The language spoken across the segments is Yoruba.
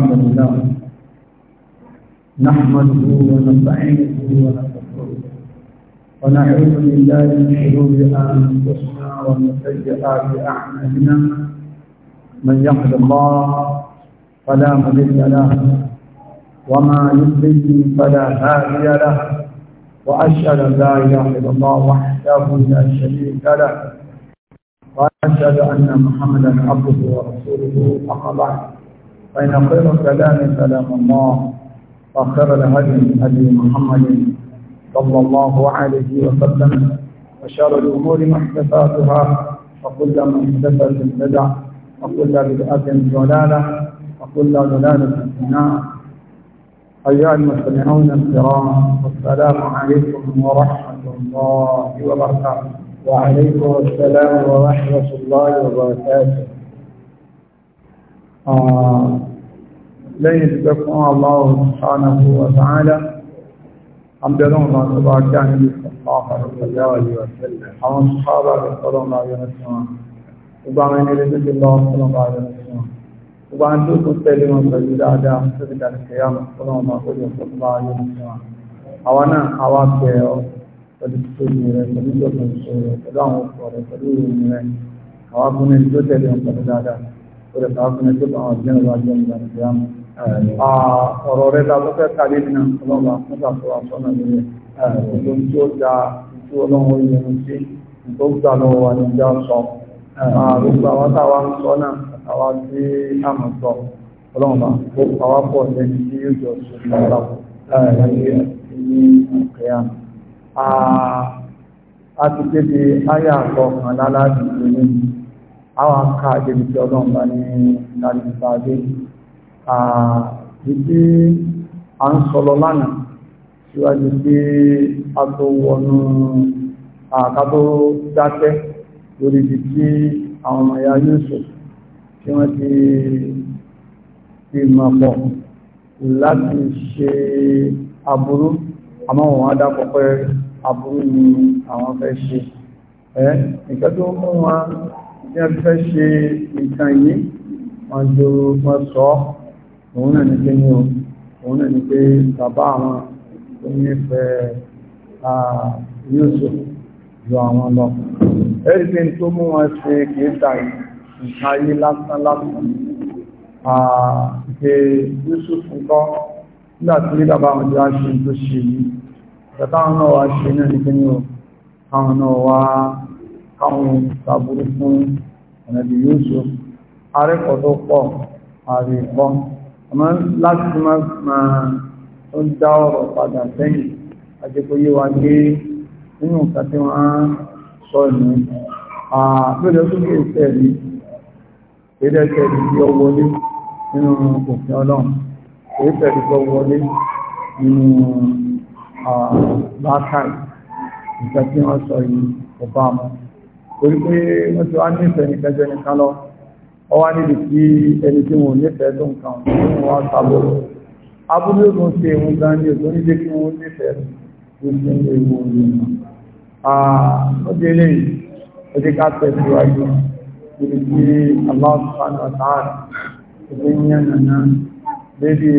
الحمد لله نحمده ونستعينه ونستغفره ونعوذ بالله من شرور انفسنا ومن سيئات اعمالنا من يهد الله فلا مضل له وما يضل فلا هادي له واشهد ان لا اله الا الله وحده لا شريك له واشهد ان محمدا عبده ورسوله فقد بعد فإن خير الكلام كلام الله وخير الهدي هدي محمد صلى الله عليه وسلم وشر الأمور محدثاتها وكل محدثة بدعة وكل بدعة ضلالة وكل ضلالة في النار أيها المستمعون الكرام السلام عليكم ورحمة الله وبركاته وعليكم السلام ورحمة الله وبركاته lẹ́yìn ìdúgbẹ́ fún Allah subhanahu wa ta'ala àbẹ̀rún ọ̀nà tó bá kí a níbi àwọn sábà rẹ̀ sọ́rọ̀ máa yọ sí wọn gbogbo àwọn ẹni lẹ́sẹ̀ tí lọ́wọ́ sọ́rọ̀ ní tó ó lè fà á fún ẹ tó bá àwọn ìjẹun wájú ọmọ ìgbà ọ̀rọ̀ rẹ̀ ta tó fẹ́ kàlẹ́ nínú ọlọ́ba fún ìṣàkóso àṣọ́nà lórí ìlú tí ó da tí ọlọ́run ìyẹnu sí tó gbà lọ́wọ́ wa ní ìjà sọ gbogbo àwọn táwa ń sọ náà àtàwa tí a mọ̀ sọ ọlọ́run bá ó pàwá pọ̀ lẹ́ni tí yóò jọ sí ìjọba láyé ní ìkẹyà. a ti kéde áyà kọkànlá láti ìlú nínú àwọn aká àjẹbí tí ọlọ́run bá ní ìdájọ́ ìsáájú ìdí à ń sọlọ lánàá síwájú sí àtọwọnú àkátó dákẹ́ lórí ibi tí àwọn ọmọ ya Yusuf tí wọ́n ti fi mọ̀ pọ̀ láti ṣe aburú àmọ́ wọn á dápọ̀ pé aburú ni àwọn fẹ́ ṣe ẹ́ nǹkan mú wọn tí a fẹ́ ṣe nǹkan yìí wọ́n jò wọ́n sọ òun náà ní pé ní o òun náà ní pé bàbá àwọn tó nífẹ̀ẹ́ Yusuf ju àwọn lọ ẹ̀rí pé tó mú wọn ṣe kìí ta nǹkan yìí lásán lásán pé Yusuf nǹkan nígbà tí bàbá àwọn jọ ṣe tó ṣe yìí bàbá àwọn náà wá ṣe náà ní pé ní o àwọn náà wá káwọn ìsàbúrú fún ẹ̀nàbí Yusuf arẹ́kọ̀ọ́ tó pọ̀ àrí ẹ̀kọ́ àmọ́ láti máa tó dá ọ̀rọ̀ padà sẹ́yìn àjẹkóyé wa gbé nínú nǹkan tí wọ́n á sọ ìlú àbẹ̀lẹ̀ tó kí ìfẹ́ rí ìrẹ́sẹ̀ ìdí ọwọlé nínú òfin ọlọ́run ìrẹ́sẹ̀ ìdí ọwọlé nínú bákàì nǹkan tí wọ́n sọ yìí ọba mọ́ torí pé wọ́n ti wá nífẹ̀ẹ́ nìkan jẹ́ nìkan lọ ọ wá níbi tí ẹni tí wọn ò nífẹ̀ẹ́ tó nǹkan wọn wá sábò abúlé tó ń ṣe ìwọ̀n gan ni òtún ní jẹ́ kí wọ́n nífẹ̀ẹ́ tó ṣe ń ewu òní ó di eléyìí ó jẹ́ ká tẹ̀síwájú níbi tí Allah subhanahu wa ta'ala ìgbé ní ẹ̀nàná lédi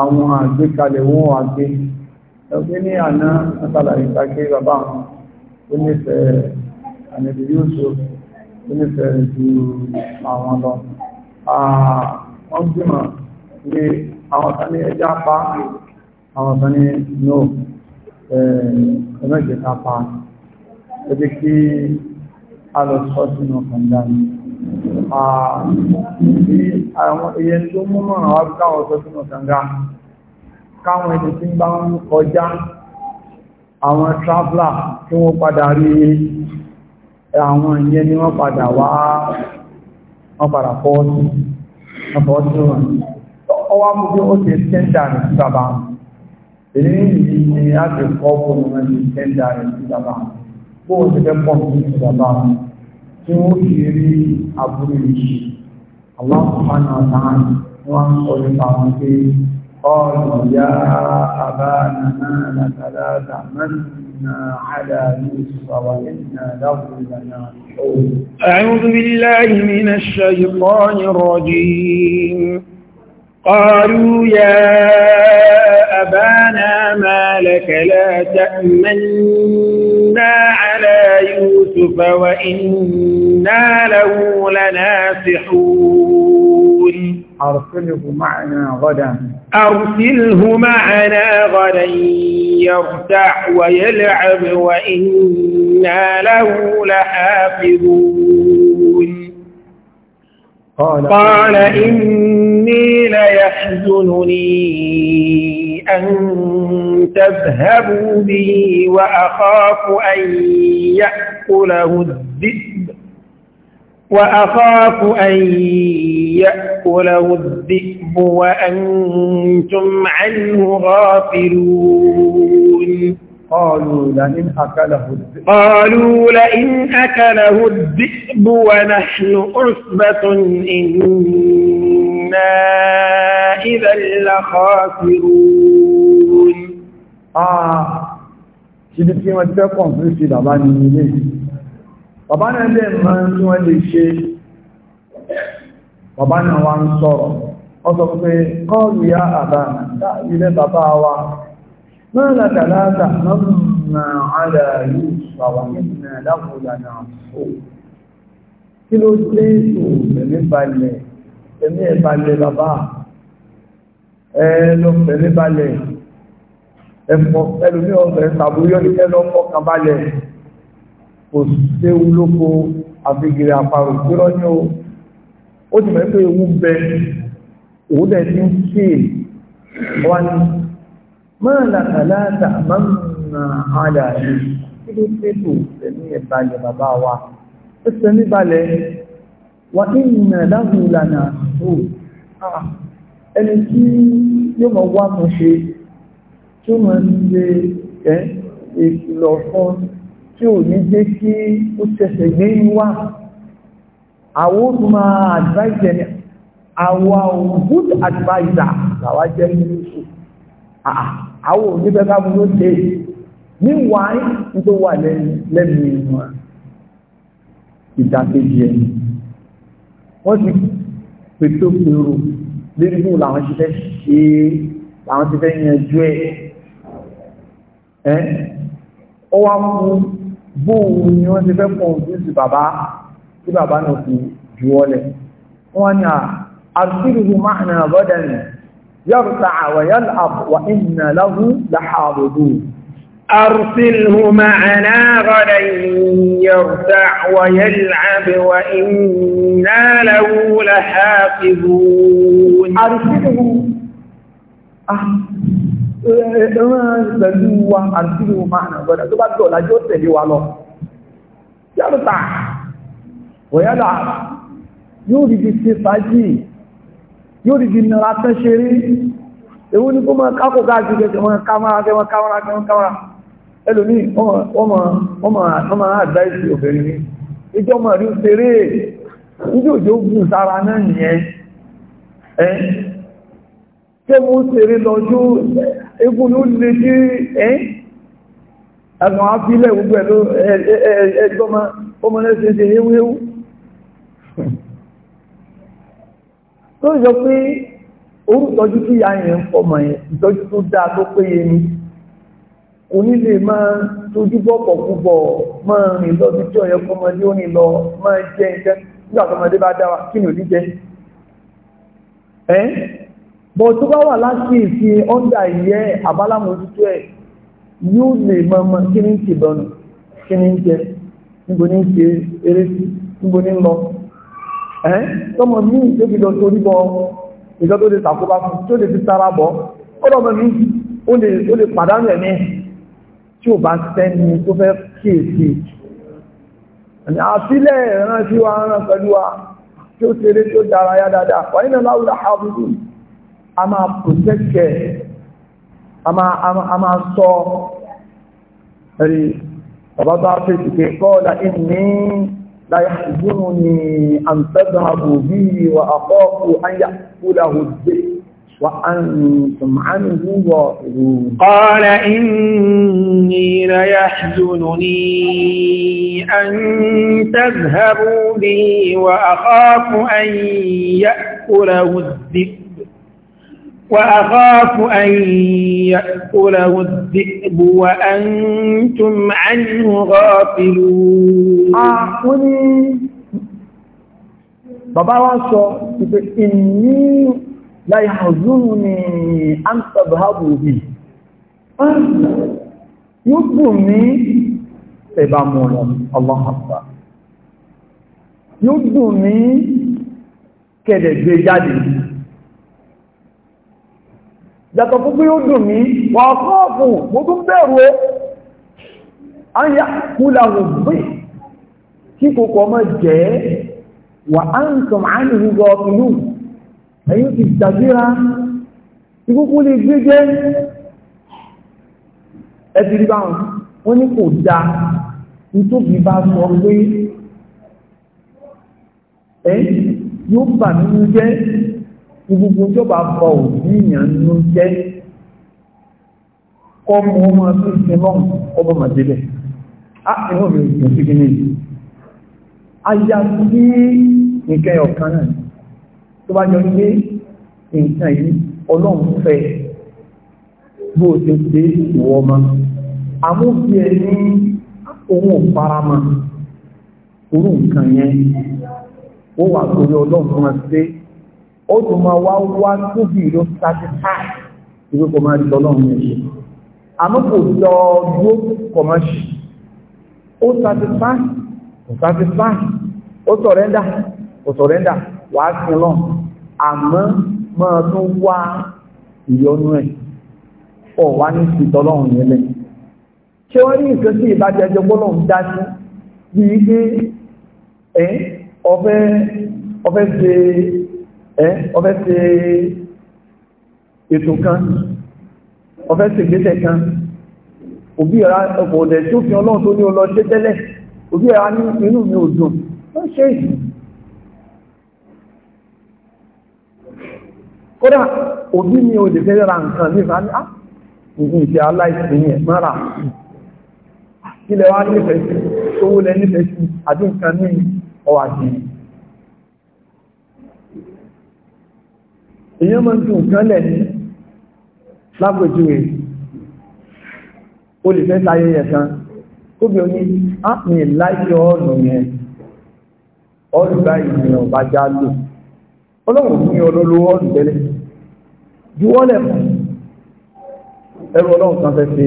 àwọn àgbékalẹ̀ wọn àgbé ẹgbẹ́ ní àná látàlàyé ìgbàgbé bàbá wọn ó nífẹ̀ẹ́ ànàbì Yusuf nífẹ̀ẹ́ ju àwọn lọ wọ́n gbìmọ̀ pé àwọn kan ní ẹjá pa àwọn kan ní no ẹ̀ẹ́dẹ̀mẹ́jẹ ká pa ẹjẹ́ kí a lọ sọ sínú kàndá ni àwọn èyẹ tó mú mọ̀ràn wá káwọn sọ sínú kàndá káwọn ẹni tí ń bá ń kọjá àwọn traveler tí wọ́n padà rí àwọn ìyẹn ni wọ́n padà wá wọ́n padà fọ́ọ̀tí wọ́n fọ́ọ̀tí wọn ọwá mú bí ó ṣe tẹ́ndà rẹ̀ sí bàbá èyí yìí ni a ti kọ́ fún wọn ṣe tẹ́ndà rẹ̀ sí bàbá bó وإنا على يوسف وإنا له لناصحون أعوذ بالله من الشيطان الرجيم قالوا يا أبانا ما لك لا تأمنا على يوسف وإنا له لناصحون أرسله معنا غدا أرسله معنا غدا يرتع ويلعب وإنا له لحافظون قال, قال إني ليحزنني أن تذهبوا به وأخاف أن يأكله الذئب وأخاف أن يأكله الذئب وأنتم عنه غافلون قالوا لئن أكله الذئب قالوا لئن أكله الذئب ونحن عصبة إنا إذا لخاسرون آه شنو في في bàbá náà dẹ̀ mọ́ tí wọ́n lè ṣe bàbá náà wá ń sọ̀rọ̀ wọ́n sọ pé kọ́ọ̀lù ya àbá ilé bàbá wa náà làkàlàkà mọ́mà àdà yìí sọ̀rọ̀ nínú láwùlà náà fò kí ló dé tó tẹ̀mí balẹ̀ tẹ̀mí ẹ̀ balẹ̀ bàbá ẹ lọ tẹ̀mí balẹ̀ ẹ̀fọ́ ẹlòmíràn ọ̀fẹ́ tàbí yọ́nìkẹ́ lọ́kọ̀ọ́kan balẹ̀ kò séwu lóko àfigiri àparò gbérọ́ ní o ó ti mọ̀ pé ewu bẹ òwú dẹ̀ ti ń ṣe wá ní máa làkàlà tàmánà àdà ní kí ló dé tó ẹ̀mí ẹ̀ balẹ̀ bàbá wa ó ti ẹ̀mí balẹ̀ wà ìnà láhùn ìlànà àtúntò ah, ẹni tí yóò mọ̀ wá mo ṣe tí ó mọ̀ ń ṣe ẹ̀ ìlọ̀ tí ò ní jẹ́ kí ó tẹ̀sẹ̀ gbé wá àwọn ó máa advice ẹni àwọn good advisor làwa jẹ́ nínú ìṣù àwọn òní fẹ́ káàmù ló dé níwáyé tó wà lẹ́nu inú ìdákejì ẹni wọ́n ti pètò pèrò lórí bó làwọn ti fẹ́ ṣe làwọn ti fẹ́ yanjú ẹ̀ ẹ́ ọ wá bóòwù ni wọ́n ti fẹ́ pọ̀ ojúṣì bàbá tí bàbá náà fi jù ọlẹ̀ wọ́n ni àrùsílùú máàrin àbọ́dẹ̀ ni yọ́rùta àwẹ̀yọ́l àpọ̀wà ìnà láhú láhàbòdó أرسله معنا غدا يرتع ويلعب وإنا له لحافظون أرسله أه ẹran pẹ̀lú wa àti ìwò máa nà gbọ́dọ̀ tó bá gbọ́ ọ̀làjọ́ tẹ̀lé wa lọ yálùtà wọ̀yálà yóò rí bí ṣe fàájì yóò rí bí nara tán ṣe rí ewu ní kó máa kákò káàkiri ẹ̀kẹ́ wọn kámárà kẹwọn kámárà kẹwọn kámárà ẹlòmí ọmọ àdáìsì obìnrin ní ìjọ mọ̀ rí ṣeré ìjọ òjò gùn sára náà nìyẹn kéwú sèré lọ́jú egun ló lè jí ẹ́ àwọn afílẹ̀ gbogbo ẹ̀ ló ẹgbọ́mọ ọmọlẹ́sẹ̀ ṣe héwúhéwú tó ìjọ pé orúkọjú tí ya yẹn ń fọmọ yẹn ìtọ́jú tó dáa tó péye ni kò ní lè máa tójú bọ́pọ̀ púpọ̀ máa rìn lọ bí tí ọ̀yẹ́ kọmọdé ó ní lọ máa jẹ́ iṣẹ́ nígbà tọmọdé bá dáwà kí ni ò ní jẹ́ ẹ́ bọ̀ tó bá wà láti ìfin ọ́ndà ìyẹ́ àbálámojútó ẹ̀ yóò lè mọ̀mọ́ kí ní ti bọ̀nù kí ní jẹ níbo ní ṣe eré sí níbo ní lọ ẹ́ tọmọ mí débi lọ torí bọ ìjọ tó lè tàkóbá fún tó lè fi sára bọ̀ ọlọ́mọ mi ó lè pàdánù ẹ̀mí tí ò bá sẹ́ni tó fẹ́ kíyèsí àfilẹ̀ ìrántí wa rán pẹ̀lú wa tí ó ṣeré tó dára yá dáadáa wà nínú láwùjọ àbúrú a máa ama ama ama sọ rí bàbá bá ke ko la inni la ìgbóhùn an tadhhabu bí wa aqafu an yaqulahu àkọ́ọ̀kù wa kúláhù dé وأنتم qala inni la إني an tadhhabu bi wa aqafu an yaqulahu الذئب وأخاف أن يأكله الذئب وأنتم عنه غافلون أعقلي بابا واسو إني لا يحزنني أن تذهبوا به يبني سيبامونا الله أكبر يبني كده جيجادي yàtọ̀ fún pé ó dùn mí wà kọ́ọ̀fù mo tún bẹ̀rù ó a ń yà kúlà wọ̀n gbé kí kòkò ọmọ jẹ́ wà á ń sọ máa ń rúgbọ ẹ̀yìn ti dàgbéra ikúkú lè gbé jẹ́ ẹ̀sì rí báwọn ní kò dáa nítòbí bá sọ pé ẹ̀ yóò bà nínú jẹ́ gbogbo tó bá bọ òbí yàn nínú jẹ́ kọ́ mú ọmọ tó ṣe lọ́n ọba màdébẹ̀ á inú mi ò sí kí ní aya sí nǹkan ọ̀kan náà tó bá jọ pé nǹkan yìí ọlọ́run fẹ́ bó ṣe ṣe ìwọ ọmọ àmúfi ẹ ní ohun òfarama orú nǹkan yẹn ó wà torí ọlọ́run fún ẹ ó tún máa wá wá tóbi ló satisfy ìwé kò máa jọ náà ní ṣe àmọ́ kò jọ dúró kò máa ṣe ó satisfy kò satisfy ó sọ̀rẹ́ndà kò sọ̀rẹ́ndà wà á sin lọ àmọ́ máa tún wá ìyọnu ẹ̀ ọ̀ wá ní ìtọ́ náà yẹn lẹ̀ ṣé wọ́n ní nǹkan sí ìbájẹ́jọ́ gbọ́dọ̀ ń dá sí bíi pé ọ̀fẹ́ ọ̀fẹ́ ṣe ẹ́ ọfẹ́ ṣe ètò kan ọfẹ́ ṣe ìgbésẹ̀ kan òbí ẹ̀rá ọkọ̀ ọ̀dẹ̀ tí ó fi ọlọ́run tó ní ọlọ́ ṣe tẹ́lẹ̀ òbí ẹ̀rá ní inú mi ò dùn wọ́n ṣe ìsìn kódà òbí mi ò lè fẹ́ ra nǹkan ní ìfàní ah, á nǹkan ìṣẹ́ aláìsìn yẹn mọ́ra ilẹ̀ wa nífẹ̀ẹ́ sí owó lẹ nífẹ̀ẹ́ sí àdínkàn ní ọwà sí èyàn máa ń tún nǹkan lẹ̀ ní lápòjúwe o lè fẹ́ táyé ẹ̀kan kóbi oní ápùn ìláyé ọ̀nà yẹn ọ̀rùgbá ìrìnà bá já lò ọlọ́run fún olólówó ọ̀rùn tẹ́lẹ̀ juwọ́lẹ̀ fún ẹrù ọlọ́run kan fẹ́ ṣe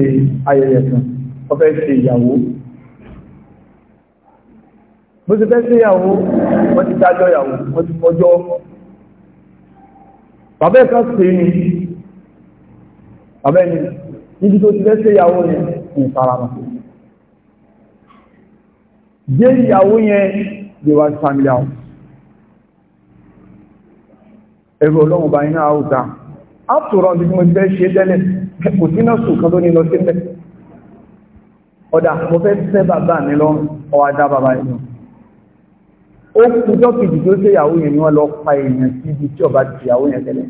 ayẹyẹ kan ó fẹ́ ṣe ìyàwó bó ti fẹ́ ṣe ìyàwó wọ́n ti dájọ́ ìyàwó wọ́n ti fọjọ́ bàbá ẹ̀ka sí ni bàbá ẹni níbi tó ti lẹ́sẹ̀ ìyàwó ni ní ìfarama jẹ́ ìyàwó yẹn they were family house ẹ̀rọ ọlọ́run bá iná àwùta after all bí mo fẹ́ ṣe tẹ́lẹ̀ kò sí náà sùn kan ní lọ sílẹ̀ ọ̀dà mo fẹ́ fẹ́ bàbá mi lọ́rùn ọwọ́ adá bàbá yìí ó kújọ́ kejì tó ṣe ìyàwó yẹn ni wọ́n lọ pa èèyàn sí ibi tí ọba ti ìyàwó yẹn tẹ́lẹ̀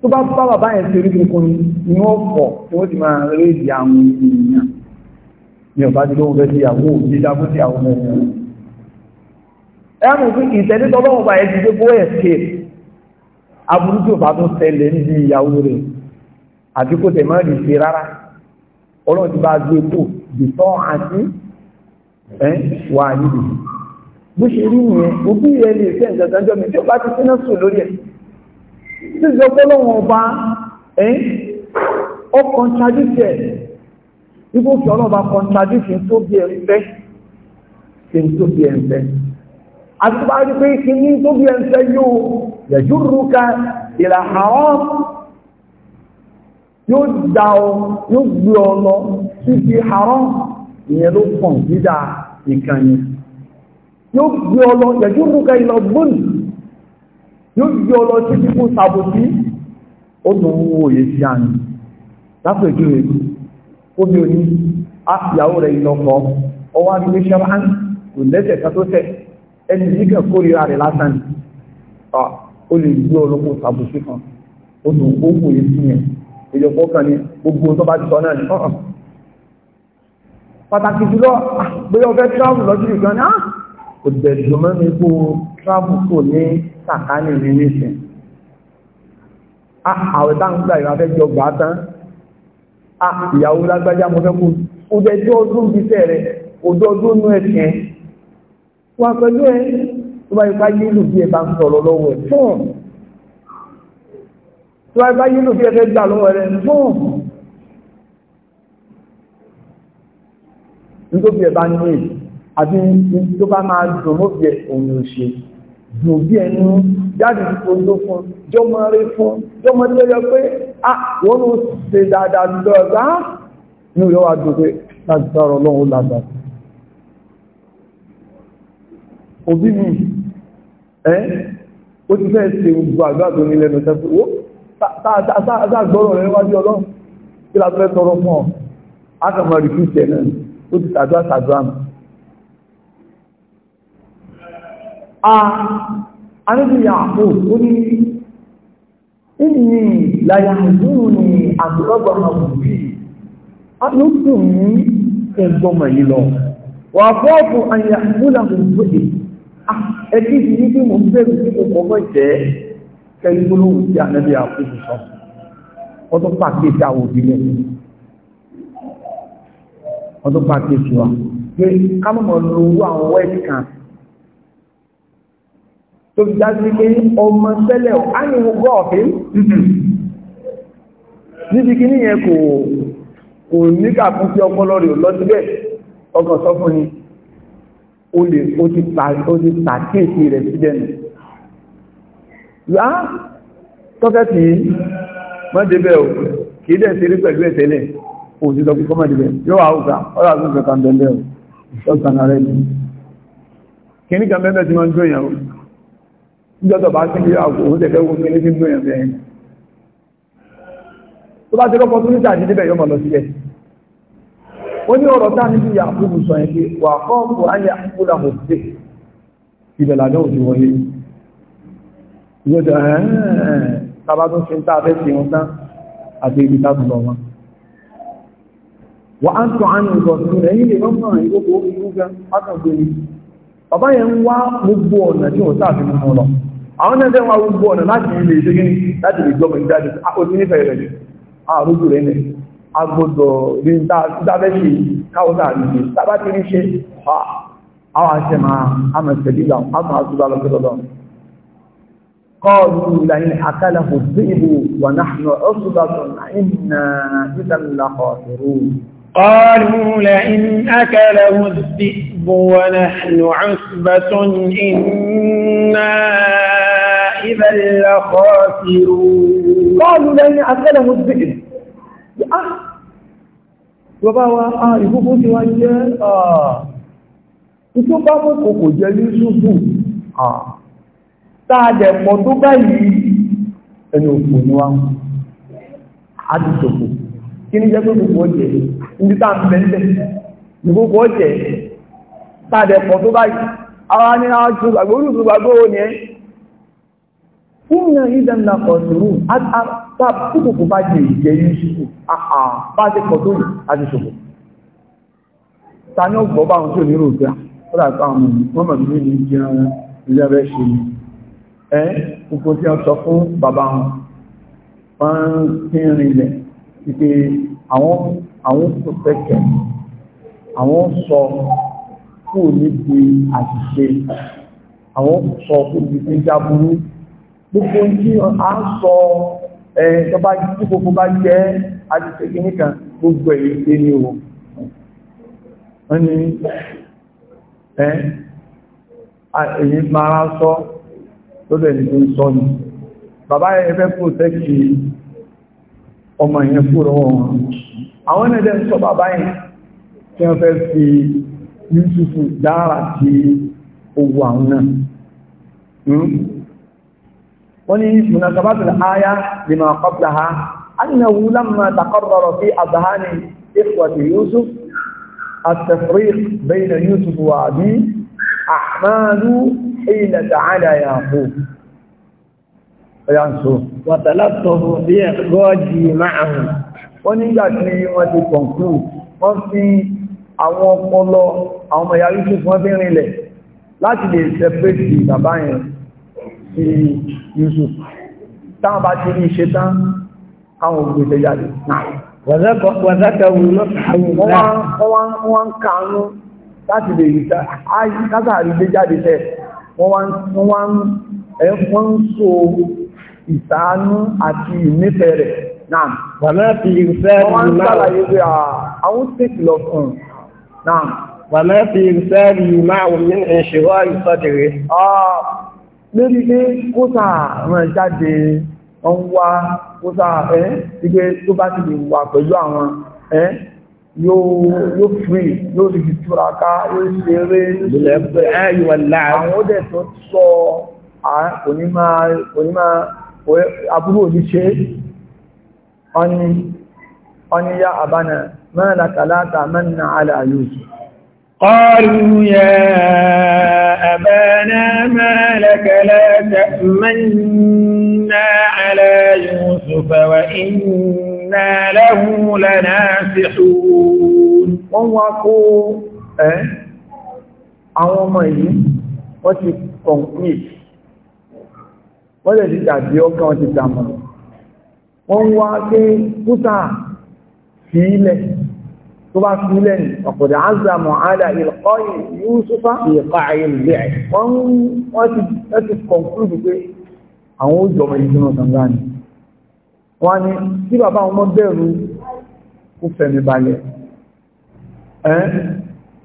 tó bá bá bàbá yẹn ṣe orígun ni wọ́n fọ̀ tí wọ́n ti máa rédíò àwọn èèyàn ni ọba ti lóhun fẹ́ sí ìyàwó òbí dákú sí àwọn ọmọ ẹ̀yàn ẹ mọ̀ pé ìtẹ́lẹ́ tó lọ́wọ́ yẹn ti dé bó ẹ̀ṣẹ̀ aburú tí ọba tó ṣẹlẹ̀ níbi ìyàwó rẹ̀ àti kò tẹ̀ má bó ṣe rí nìyẹn òbí rẹ lè fẹ́ ìjàdá jọ mi tí ó bá ti síná sùn lórí ẹ̀ tí ìjọ pọ́lọ́wọ́n ọba ẹ̀yìn ó kọ́ntradíṣì ẹ̀ ipò fi ọlọ́ba kọ́ntradíṣì tó bí ẹ̀ ń fẹ́ ṣe tó bí ẹ̀ ń fẹ́ àti bá rí pé kí ní tó bí ẹ̀ ń fẹ́ yóò yẹ̀jú rúkà ìlà àwọn yóò dá ọ yóò gbé ọ lọ síbi àwọn ìyẹn ló kàn dídá ìkànnì yóò gbé ọ lọ yẹjú rúkẹ ìlọ gbóni yóò gbé ọ lọ títí fún sàbòsí ó nù ń wo òye sí àná lápèjúwe o òní àfìyàwó rẹ ìlọ kọ ọwọ́ àdúgbò ṣẹlá kò lẹ́sẹ̀ kan tó tẹ ẹni yìí kàn kórìíra rẹ lásán ni ó lè gbé ọ lọ fún sàbòsí kan ó nù ó wò òye sí yẹn ìjọba kan ní gbogbo tó bá ti sọ náà ni pàtàkì jùlọ bóyá ọfẹ tíráàmù lọ sí ìgbà náà kò dẹ̀jù mọ́ mi kó travel ní sàkánì mi nísìn ah, àwẹ̀ tá ń gbà ìwà fẹ́ jọ gbà tán ah, ìyàwó lágbájá mo fẹ́ kú ó jẹ́ tí ọdún bí sẹ́rẹ̀ ojú ọdún nú ẹ̀sìn wà pẹ̀lú ẹ tó bá ipá yílù bí ẹ bá ń sọ̀rọ̀ lọ́wọ́ ẹ̀ fún tó bá ipá yílù bí ẹ fẹ́ gbà lọ́wọ́ ẹ̀ fún nítorí ẹ bá ní èyí àbí tó bá máa dùn mọ́bí ẹ̀ òun ò ṣe dùn bí ẹnu jáde ojú fún jọmọ rí fún jọmọ tó yẹ pé à ah, wọ́n ló ṣe dáadáa lọ́gbà ní ìyọ́ wa dùn pé láti sọ̀rọ̀ ọlọ́run lágbà òbí mi ẹ́ ó ti fẹ́ ṣe gbogbo àgbà tó ní lẹ́nu sẹ́fẹ́ ó sáàgbọ́rọ̀ rẹ̀ wájú ọlọ́run kí la fẹ́ tọrọ fún ọ á kàn máa rìkú ìṣẹ̀ náà ó ti tàdúrà tàdúrà mọ́ àrídì yàkó ó ní ìní láyà ìdúró ní àdúrọ́gbà àwùjọ alóòtú ní ẹgbọ́mọ̀ yìí lọ wà fọ́ọ̀fù àyà múlà òǹgbòdì ẹtí ti ní bí mo ń bẹ̀rù sí ọkọ̀ ọmọ ìjẹ́ kẹ́yìn gbólóhùn sí ànábì àkóso sọ wọ́n tó pàkíyèsí àwọn òbí lẹ́yìn wọ́n tó pàkíyèsí wa pé ká mọ̀ lọ owó àwọn wẹ́ẹ̀dì kan tó fi já sí pé ọmọ tẹ́lẹ̀ ánìwò gọ́ọ̀fí níbi kí ní yẹn kò níkàkú sí ọpọlọ rẹ̀ lọ síbẹ̀ ọkàn sọ fún ni o lè o ti tàkíyèsí rẹ̀ síbẹ̀ nù láà tọ́fẹ́ tí mọ́débẹ̀ ò kìí dẹ̀ sí rí pẹ̀lú ẹ̀tẹ́lẹ̀ òsìsọ kíkọ́ mọ́débẹ̀ yóò àwùgbà ọ́rọ̀ àgbẹ̀kọ̀ kan ìjọ́tọ̀ bá sí níyàwó òun tẹ̀fẹ́ wo kí ní sí gbóyàn fẹ́ yẹn tó bá ti rọ́pọ̀ tó níta àti níbẹ̀ yọmọ lọ sílẹ̀ ó ní ọ̀rọ̀ táà níbi ìyá àkókò sọ yẹn pé wà kọ́ kò á yẹ àkókò àkókò sí ibẹ̀ làdán òjò wọlé ìjọ́tọ̀ ẹ̀ẹ́n tàbá tó ṣe ń tá a fẹ́ ṣe wọn àti ibi tá lọ wọn wà á tọ́ àánú ìgbọ̀nsìn ẹ̀yìn lè mọ́ ìgbókòó ìgbókòó bàbá yẹn ń wá gbogbo ọ̀nà tí wọ́n sáà fi lọ àwọn ẹgbẹ́ wọn gbogbo ọ̀nà láti ilé ìṣẹ́gí láti lè gbọ́mọ̀ ìdájọ́ àkóso ah, nífẹ̀ẹ́ rẹ̀ àrùgbò ah, rẹ̀ nẹ̀ agbọ́dọ̀ rí dábẹ́ṣe káwọ́sà àríṣẹ́ tàbá ti rí ṣe àwọn ah, àṣẹ máa قالوا لئن أكله الذئب ونحن عصبة إنا إذا لخاسرون قالوا لن أسأله آه Bọ́báwá ìgbógbó tí wá jẹ́ ìtó bá mú kòkò jẹ Yusufu. Táàdẹ̀ pọ̀ tó báyìí ẹni òkú ní wá. A ti ṣòfò. Kí ní jẹ́ pé gbogbo ọjẹ́? Ibi táà ń pọ̀ tó báyìí. Àwọn ni a ṣùgbàgbó Fúnà ìdánilá ọ̀sùnrù àtàbà púpùpù bá jẹ ìjẹ yíṣùkù àà bá jẹ kọ̀tọ́ àti ṣòkò. Ta ní ọgbọ̀ bá wọn tí ò ní rò gbá, ó dà pàá mọ̀ mọ̀ ní ní jẹ́ ìjẹ́rẹ́ ṣe ni. Ẹ kúkú tí wọ́n sọ fún bàbá wọn, wọ́n tí ń rinlẹ̀ wípé àwọn pẹ̀kẹ̀, àwọn sọ kú níbi àṣìṣe, àwọn sọ kú níbi jábúrú gbogbo tí a ń sọ ẹ̀ẹ́dọ́bá tí gbogbo bá jẹ́ àdìsẹ́gbẹ̀ nìkan gbogbo èyí tí ní o wọ́n ni ẹ́ èyí mara sọ lọ́dọ̀ ẹni tó ń sọ ni bàbá ẹgbẹ́ pòtẹ́kì ọmọ ìyẹn fúrọ wọn àwọn ẹ̀dẹ́ ń sọ bàbá yìí tí wọ́n fẹ́ fi Yúsùfù dára sí owó àwọn náà hmm? وني مناسبات الآية لما قبلها أنه لما تقرر في أذهان إخوة يوسف التفريق بين يوسف وأبيه أحمال حيلة على يعقوب ينسوا وتلطف بإخراجي معهم ونيجا كلمة كونكلود wọ́n fi àwọn ọpọlọ àwọn ọmọ ìyá yusuf wọ́n fi rinlẹ̀ láti lè separate bàbá yẹn sí Yusuf táwọn bá ti rí ṣe tán àwọn ògbèsè jáde náà wàzákàwù lọ́sàáwù náà wọ́n ń kàánú láti lè rí látàrí gbé jáde tẹ́ wọ́n ń so ìṣàánú àti ìnífẹ̀ẹ́ rẹ̀ náà wàláàfi ìrìsẹ́ Wàmẹ́ fi ìrìsẹ́ rí máa wùmí ìṣẹ́wà ìsọ́dẹ̀rẹ̀. Àà lérí pé kó sàárán jáde ọ̀n wá kó sàárán ẹ́ wípé tó bá ti lè wà pẹ̀lú àwọn ẹ́ yóò free yóò rí túraká yóò ṣeré àwọn òdẹ̀ tó sọ àbúrò ní ṣe ọ́niyá àbánà mẹ́rẹ̀lá kàlátà mẹ́rin àlà Yusuf قالوا يا أبانا ما لك لا تأمنا على يوسف وإنا له لناصحون wọ́n wá kó ẹ́ àwọn ọmọ yìí wọ́n ti complete wọ́n lè ti dàbí ọkàn ti dàmọ̀ wọ́n wá pé pútà sí ilẹ̀ tó bá fi lẹ́ ní ọ̀pọ̀dà azamu ala ìlọ́yìn yusufa ìyẹ̀kọ́ ayé lẹ́ wọ́n ti kọ̀nkúrù pé àwọn ó jọmọ yìí sínú kànga ni wọ́n ní tí bàbá wọn bẹ̀rù kó fẹ̀mí balẹ̀ ẹ́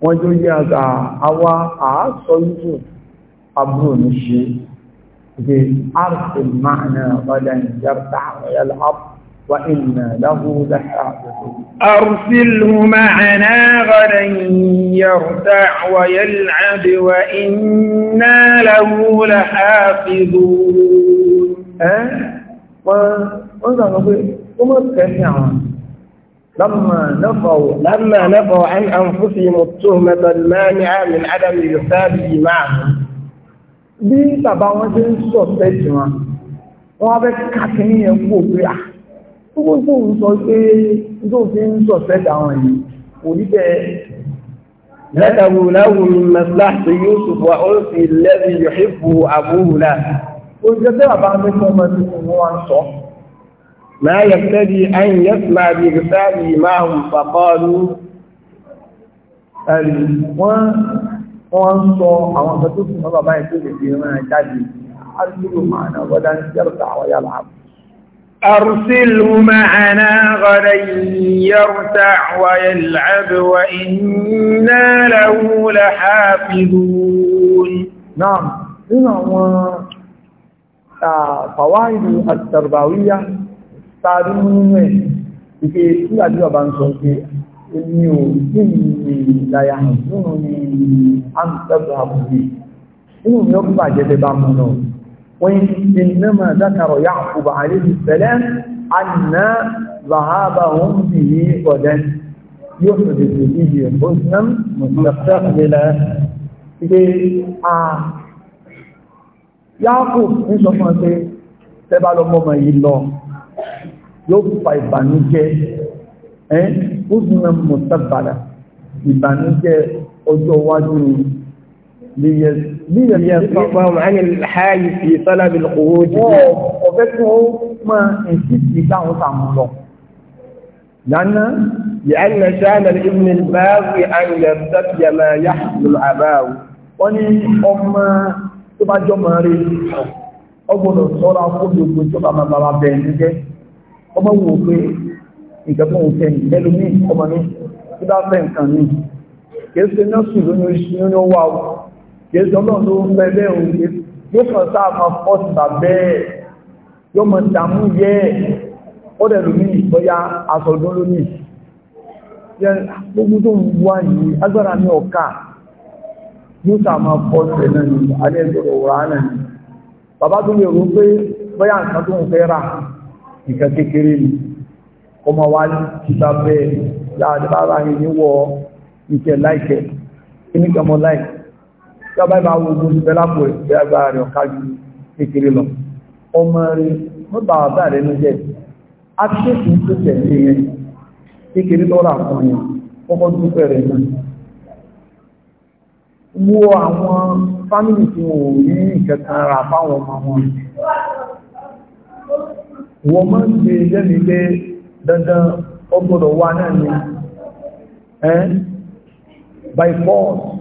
wọ́n jó yí àgbà àwa àásọ yíṣù àbúrò ní ṣe ìgbé àrùsì máa náà ọ̀dà ìjàrùtà àwọn yàrá àpò وإنا له لحافظون أرسله معنا غدا يرتع ويلعب وإنا له لحافظون أه؟ لما نفوا لما نفوا عن أنفسهم التهمة المانعة من عدم الحساب معهم bí bàbá wọn ṣe ń sọ فوق gbogbo tó ń sọ pé tó fi ń sọ fẹ́ dáwọn yìí kò rí bẹ́ẹ̀. lẹ́tàwù láwù mẹ́sàlá sí yusuf wa ó sì lẹ́bi yòókù àbúrò náà. ó bá ń pẹ́ fún ọmọ tí wọ́n wá ń sọ. ما يبتدي أن يسمع بإغفاره معهم فقالوا wọ́n wọ́n sọ àwọn ọ̀sán tó fún ọba báyìí tó lè fi rán jáde alúlò máa náà wọ́n dá أرسله معنا غدا يرتع ويلعب وإنا له لحافظون نعم هنا هو فوائد التربوية تعلمون ìpé tí àdúrà bá ń sọ pé èmi ò tí ìrìn ìdáyà nínú ni a ń tẹ́bù àbúrí nínú ni ó bàjẹ́ bẹ bá mú náà وإنما ذكر يعقوب عليه السلام أن ذهابهم به غدا يحدث به حزنا مستقبلا Yáàkùn ń sọ fún ọ̀sẹ̀ tẹ́bà lọ́mọ ọmọ yìí lọ yóò fa ìbànújẹ́ ẹ́ fúnnà mọ̀tàbàdà ìbànújẹ́ ọjọ́ wájú ní yẹ́sì يصفهم عن الحال في طلب الخروج لأن لأن شان الابن الباغي أن يرتقي ما يحصل أباه وني أم تبا جماري ọgbọ́dọ̀ sọ́ra fún gbogbo tó bá bàbá bẹ̀ níjẹ́ ọmọ wò pé nǹkan tó ń fẹ́ ẹlòmíì ọmọ ní tí bá fẹ́ nǹkan ní kìí ṣe náà sùn lónìí ó jésù ọlọ́run ló ń fẹ́ bẹ́ẹ̀ òun ṣe yóò kàn sáà máa fọ́ síta bẹ́ẹ̀ yóò máa dààmú yẹ ó dẹ̀ lómi ìgbọ́yà aṣọ́dún lónìí gbogbo tó ń wá yìí agbára ní ọ̀ka yóò sáà máa fọ́ síta náà ní alẹ́ ìgbọ̀rọ̀ wà náà ní bàbá tó lè rò pé bọ́yà nǹkan tó ń fẹ́ rà nǹkan kékeré ni ọmọ wa kíta bẹ́ẹ̀ láàrín bàbá yìí ní ìkẹ́ láìkẹ́ kí ní kàmọ́ láìkẹ́ tọ́ba a wo gbogbo ìfẹ́ lápò ìfẹ́ agbára rẹ̀ ọ̀ká ju kékeré lọ ọmọ rẹ mọ́bà bàbá rẹ̀ ló jẹ́ akéèkì tó tẹ̀lé yẹn kékeré lọ́rọ̀ àkọ́ yẹn kọ́kọ́ dúpẹ́ rẹ̀ náà wo àwọn fámìlì tí wọn ò rí ìkẹkàn ra fáwọn ọmọ wọn wọ́n máa ń gbé lẹ́nu ilé dandan ọgbọ́dọ̀ wà náà ni by force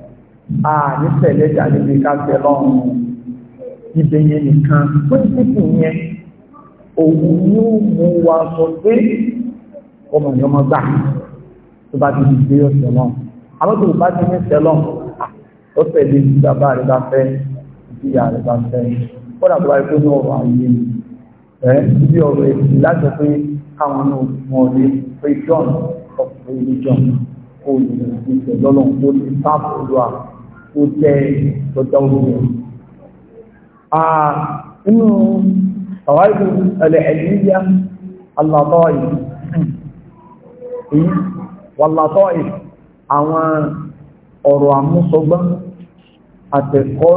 a ní tẹ̀lé jáde bí ká tẹ lọ́rùn ibẹ̀ yẹn nìkan pínípù yẹn òun yóò mú wa sọ pé ọmọ ìyá ọmọ gbà tó bá ti di gbé ọ̀sẹ̀ náà àwọn tó bá ti ní sẹ́lọ̀ ó tẹ̀lé bí bàbá rẹ̀ bá fẹ́ bí ìyá rẹ̀ bá fẹ́ kódà tó bá yẹ kó ní ọ̀rọ̀ ayé ẹ̀ bí ọ̀rọ̀ èsì láti pé káwọn náà mọ̀ ní pé john ọ̀pọ̀ ìlú john kò ní ìfẹ́ lọ́lọ́run tó ti sáàpù lọ́wọ́ kó jẹ́ tọ́jọ́ òun. Inú àwárí al-ilmiyya al-lata'if èyí wal-lata'if àwọn ọ̀rọ̀ àmúṣọgbọ́n àtẹ̀kọ́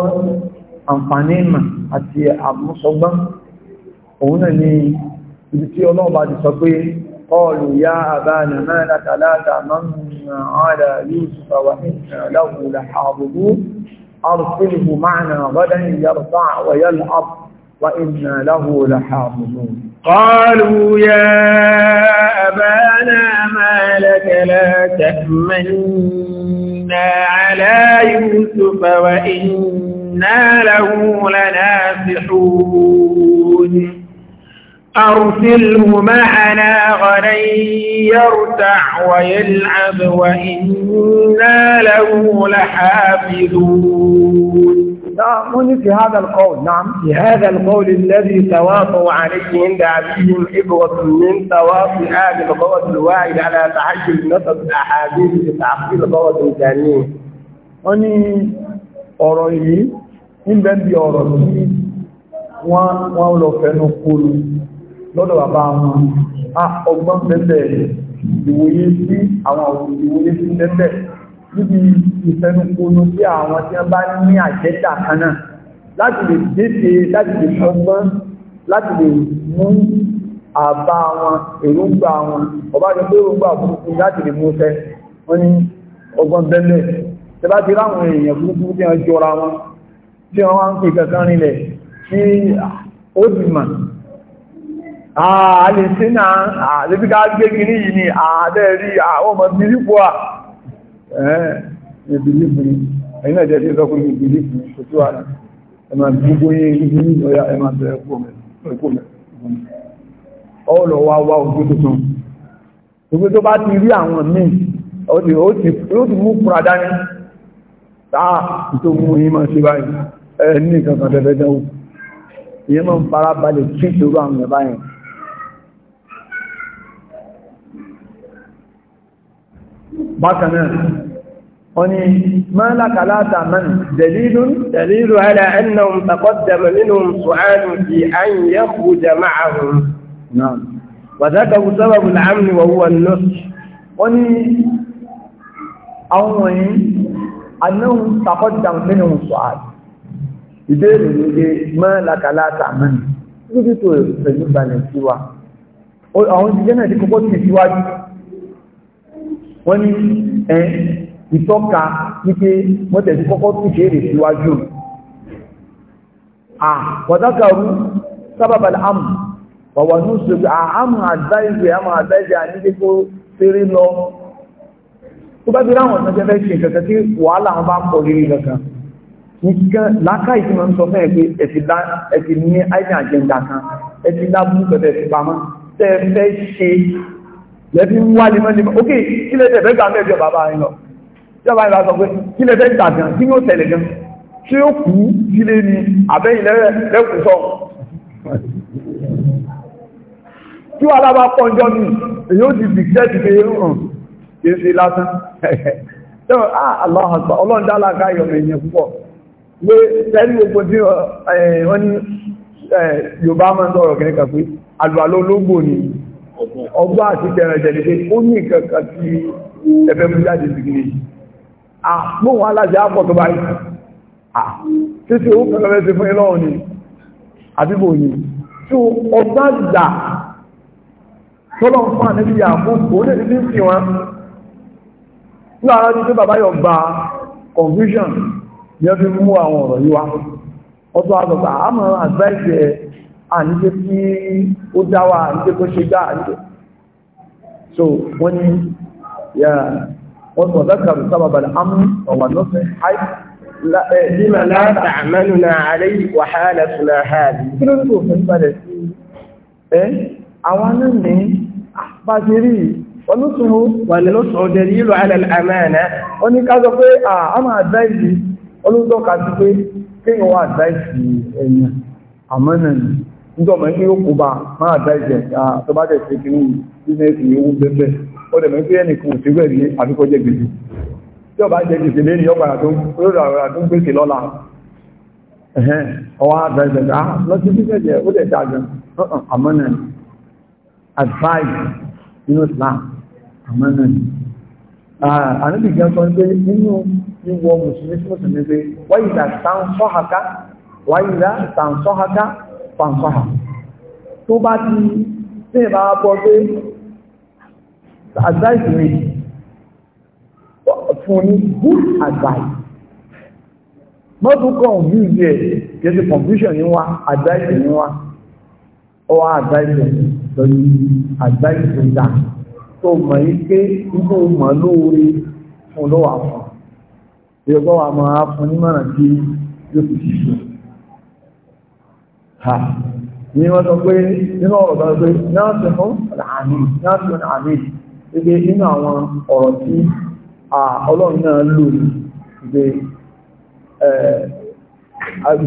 àǹfààní ìmọ̀ àti àmúṣọgbọ́n òun náà ni ibi tí ọlọ́ọ̀bá ti sọ pé قالوا يا أبانا ما لك لا تأمنا على يوسف وإنا له لحافظون أرسله معنا غدا يرفع ويلعب وإنا له لحافظون قالوا يا أبانا ما لك لا تأمنا على يوسف وإنا له لناصحون أرسله معنا غدا يرتع ويلعب وإنا له لحافظون نعم في هذا القول نعم في هذا القول الذي تواطوا عليه عند أبيهم إبوة من تواطي آل الغوث الواحد على تحجل نصب الأحاديث لتعقيد غوث ثانية. أني أرويه إن بندي أرويه وأولو قولوا lọ́dọ̀ bàbá wọn ọgbọ́n bẹ́ẹ̀ ìwòye sí àwọn ìwòye sí bẹ́ẹ̀ níbi ìfẹnukunu sí àwọn tí wọ́n bá ní àjẹ́jà kan náà láti lè dédé láti lè fọgbọ́n láti lè mú àbá wọn èròǹgbà wọn ọba jọ pé èròǹgbà burúkú láti lè mú fẹ́ wọ́n ní ọgbọ́n bẹ́ẹ̀ tẹ bá ti ráwọn èèyàn burúkú tí wọ́n jọra wọn tí wọ́n wá ń fi kankan rinlẹ̀ tí ó ti mọ̀ àlèsínà ah, àlébíká ah, gbégiri yìí ni àádẹ́rí ah, àwọn ọmọ bílípù à ẹ́ bílípù ní ẹ̀yìn ẹ̀jẹ́ tí ó kúrò bílípù kò tí wà ẹ̀mà gbogbo yìí ní ọya ẹ̀mà bẹ̀rẹ̀ kó mẹ́ ọlọ̀ wá wá ojú tuntun gbogbo tó bá ti rí àwọn míì ó ti mú fura dání táà tó mú yìí máa ṣe báyìí ẹ̀ ní kankan tẹ́fẹ́ dánwò ìyẹn máa ń fara balẹ̀ tí ìṣòro àwọn ẹ̀bá bákanáà wọ́n ni mọ́lákàlátà mọ́n dalilun dalilu ala annahum taqaddama minhum su'alu fi an yakhruja ma'ahum náà wàzákàwù sábàbù al-amn wa huwa an-nush wọ́n ni àwọn wọ̀nyí annahum taqaddama minhum su'alu ìbéèrè ní pé mọ́lákàlátà mọ́n níbi tó pẹ̀lú balẹ̀ sí wọ́n ní ẹ ìtọ́ka wípé wọ́n tẹ̀sí kọ́kọ́ tún ṣe èrè síwájú à wọ́dákàrú sábàbà àmù wàwà ní ṣògbé àmù àdáìsì àmù àdáìsì àníjẹ́ kó fèrè lọ tó bá bíra àwọn ọ̀sán jẹ́fẹ́ ṣe kankan tí wàhálà wọn bá ń pọ̀ lórí kankan nìkan láká ìtumọ̀ ń sọ fún ẹ pé ẹ̀sìn ní àìsàn àjẹǹdà kan ẹ̀sìn lábú pẹ̀lú ẹ̀sìn pamọ́ tẹ́ fẹ́ ṣe lẹ́bí ń wá limọ́limọ́ ókè kí lẹ́tẹ̀ fẹ́ gbà mẹ́jọ bàbá yìí lọ jọba ìlà sọ pé kí lẹ́tẹ̀ gbà gan kí ló tẹ̀lẹ̀ gan ṣé ó kú sílé ni àbẹ́yìn lẹ́kùn sọ kí wà lábá pọ́njọ́ ní èyí ó ti dìkẹ́ ti fi hàn kì í ṣe lásán tẹ́wọ̀n ah, aláhàgbà ọlọ́ndàlá káyọ̀ mẹ́yìn púpọ̀ pé tẹ́lú gbogbo tí eh, wọ́n ní eh, Yorùbá máa ń sọ̀rọ̀ kìnnìkan pé àlùalólógbò ni ọgbọ́n àti tẹ̀rẹ̀jẹ̀ ní pé ó ní kankan tí ẹfẹ́ mú jáde sí kiri àpòhùn aláṣẹ àpọ̀ tó bá rí títí ó fẹ́ lọ́wọ́ sí fún ilọ́run ni àbíbò ni tí ọgbà gbà tọ́lọ̀ ń fún ní ìdí fi bàbá yọ gba confusion ní fi mú àwọn ọ̀rọ̀ yíwá ọtọ́ àgbàgbà àmọ́ advice àníjẹ́ kí ó dáwà àníjẹ́ kó ṣe gbá àníjẹ́ so wọ́n ni yà wọ́n tọ̀ zákàrù sábàbàlì amú ọ̀wà lọ́fẹ́ Bímọ̀ láta àmánú na àrẹ wàhálà tuna hàbí. Kí ló ń tó fẹ́ balẹ̀ sí? Ẹ́ àwọn náà ní bá ti rí wà ní lọ́sùn ọdẹ nílò alẹ́ àmánà. ní ká sọ pé a máa advice olóṣùwò kà sí pé kéèyàn wà advice ẹ̀yàn àmánà ni níjọba ní ó kó bá máa dá ìjẹ tó bá dẹ̀ ṣe kìíní bísínẹ́sì owó bẹ́ẹ̀ ó dẹ̀ mẹ́fẹ́ ẹnìkan ò sígbẹ̀ rí àbíkọ́ jẹ gbèsè tí ọba jẹ gbèsè lẹ́ni ọgbàrà tó ń gbèsè lọ́la ẹ̀hẹ́n ọwọ́ àdá ìjẹ advice nínú Islam àmọ́nà àníbì gan sọ pé nínú ìwọ mùsùlùmí mùsùlùmí pé wáyìí dà tàn sọ́hàká wáyìí dà tàn sọ́hàká fanfàhà tó bá ti tí ìbá bọ́ pé advice mi fún ní good advice mọ́tún kan bí ìdí ẹ̀ kìí ṣe confusion ní wá advice ní wá ó wá advice lórí advice tó dá tó mọ̀ yí pé inú mọ̀ lóore fún lọ́wọ́ àwọn ìyọ̀gbọ́n máa fún nímọ̀ràn tí yóò fi ṣiṣẹ́ ha ni wọ́n sọ pé nínú ọ̀rọ̀ bá pé náà ti fún àmì náà ti fún àmì pé nínú àwọn ọ̀rọ̀ tí ọlọ́run náà lò ní pé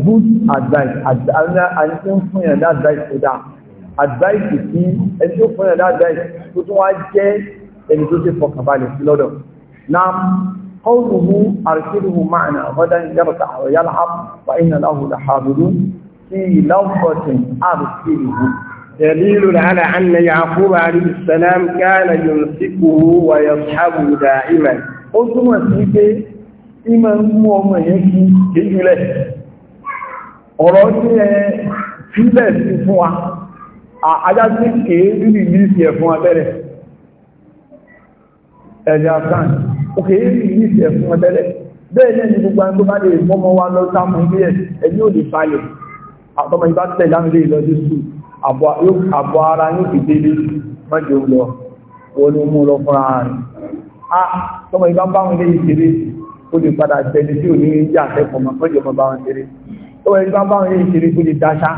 good advice àti tí ń fún yàn advice tó dáa advice tí ẹni tó fún yàn advice tó tún wá jẹ́ ẹni tó ti fọkànbalẹ̀ sí lọ́dọ̀ náà قوله أرسله معنا غدا يرتع ويلعب وإن له لحافظون في لفظة أرسله دليل على أن يعقوب عليه السلام كان يمسكه ويصحبه دائما ó túnmọ̀ sí pé tí ma ń mú wa ajá tí kèé rírí lífì ẹ̀ bẹ́ẹ̀ ní ẹni gbogbo agbóbádé wa lọ sáàmù ẹ̀ falẹ̀ àtọ́mọ ibá tẹ̀ láńlé ìlọ́jú sí àbọ̀ ara yóò fi délé mọ́jọ lọ wọ́n ló mú lọ fúnra rẹ̀ a tọ́mọ ibá bá wọn lé ìṣeré ó lè padà tẹ̀lé tí ò ní yà tẹ́kọ̀ọ́ mọ́ mọ́jọ mọ́ bá wọn ṣeré tọ́mọ ibá bá wọn lé ìṣeré ó lè dáṣá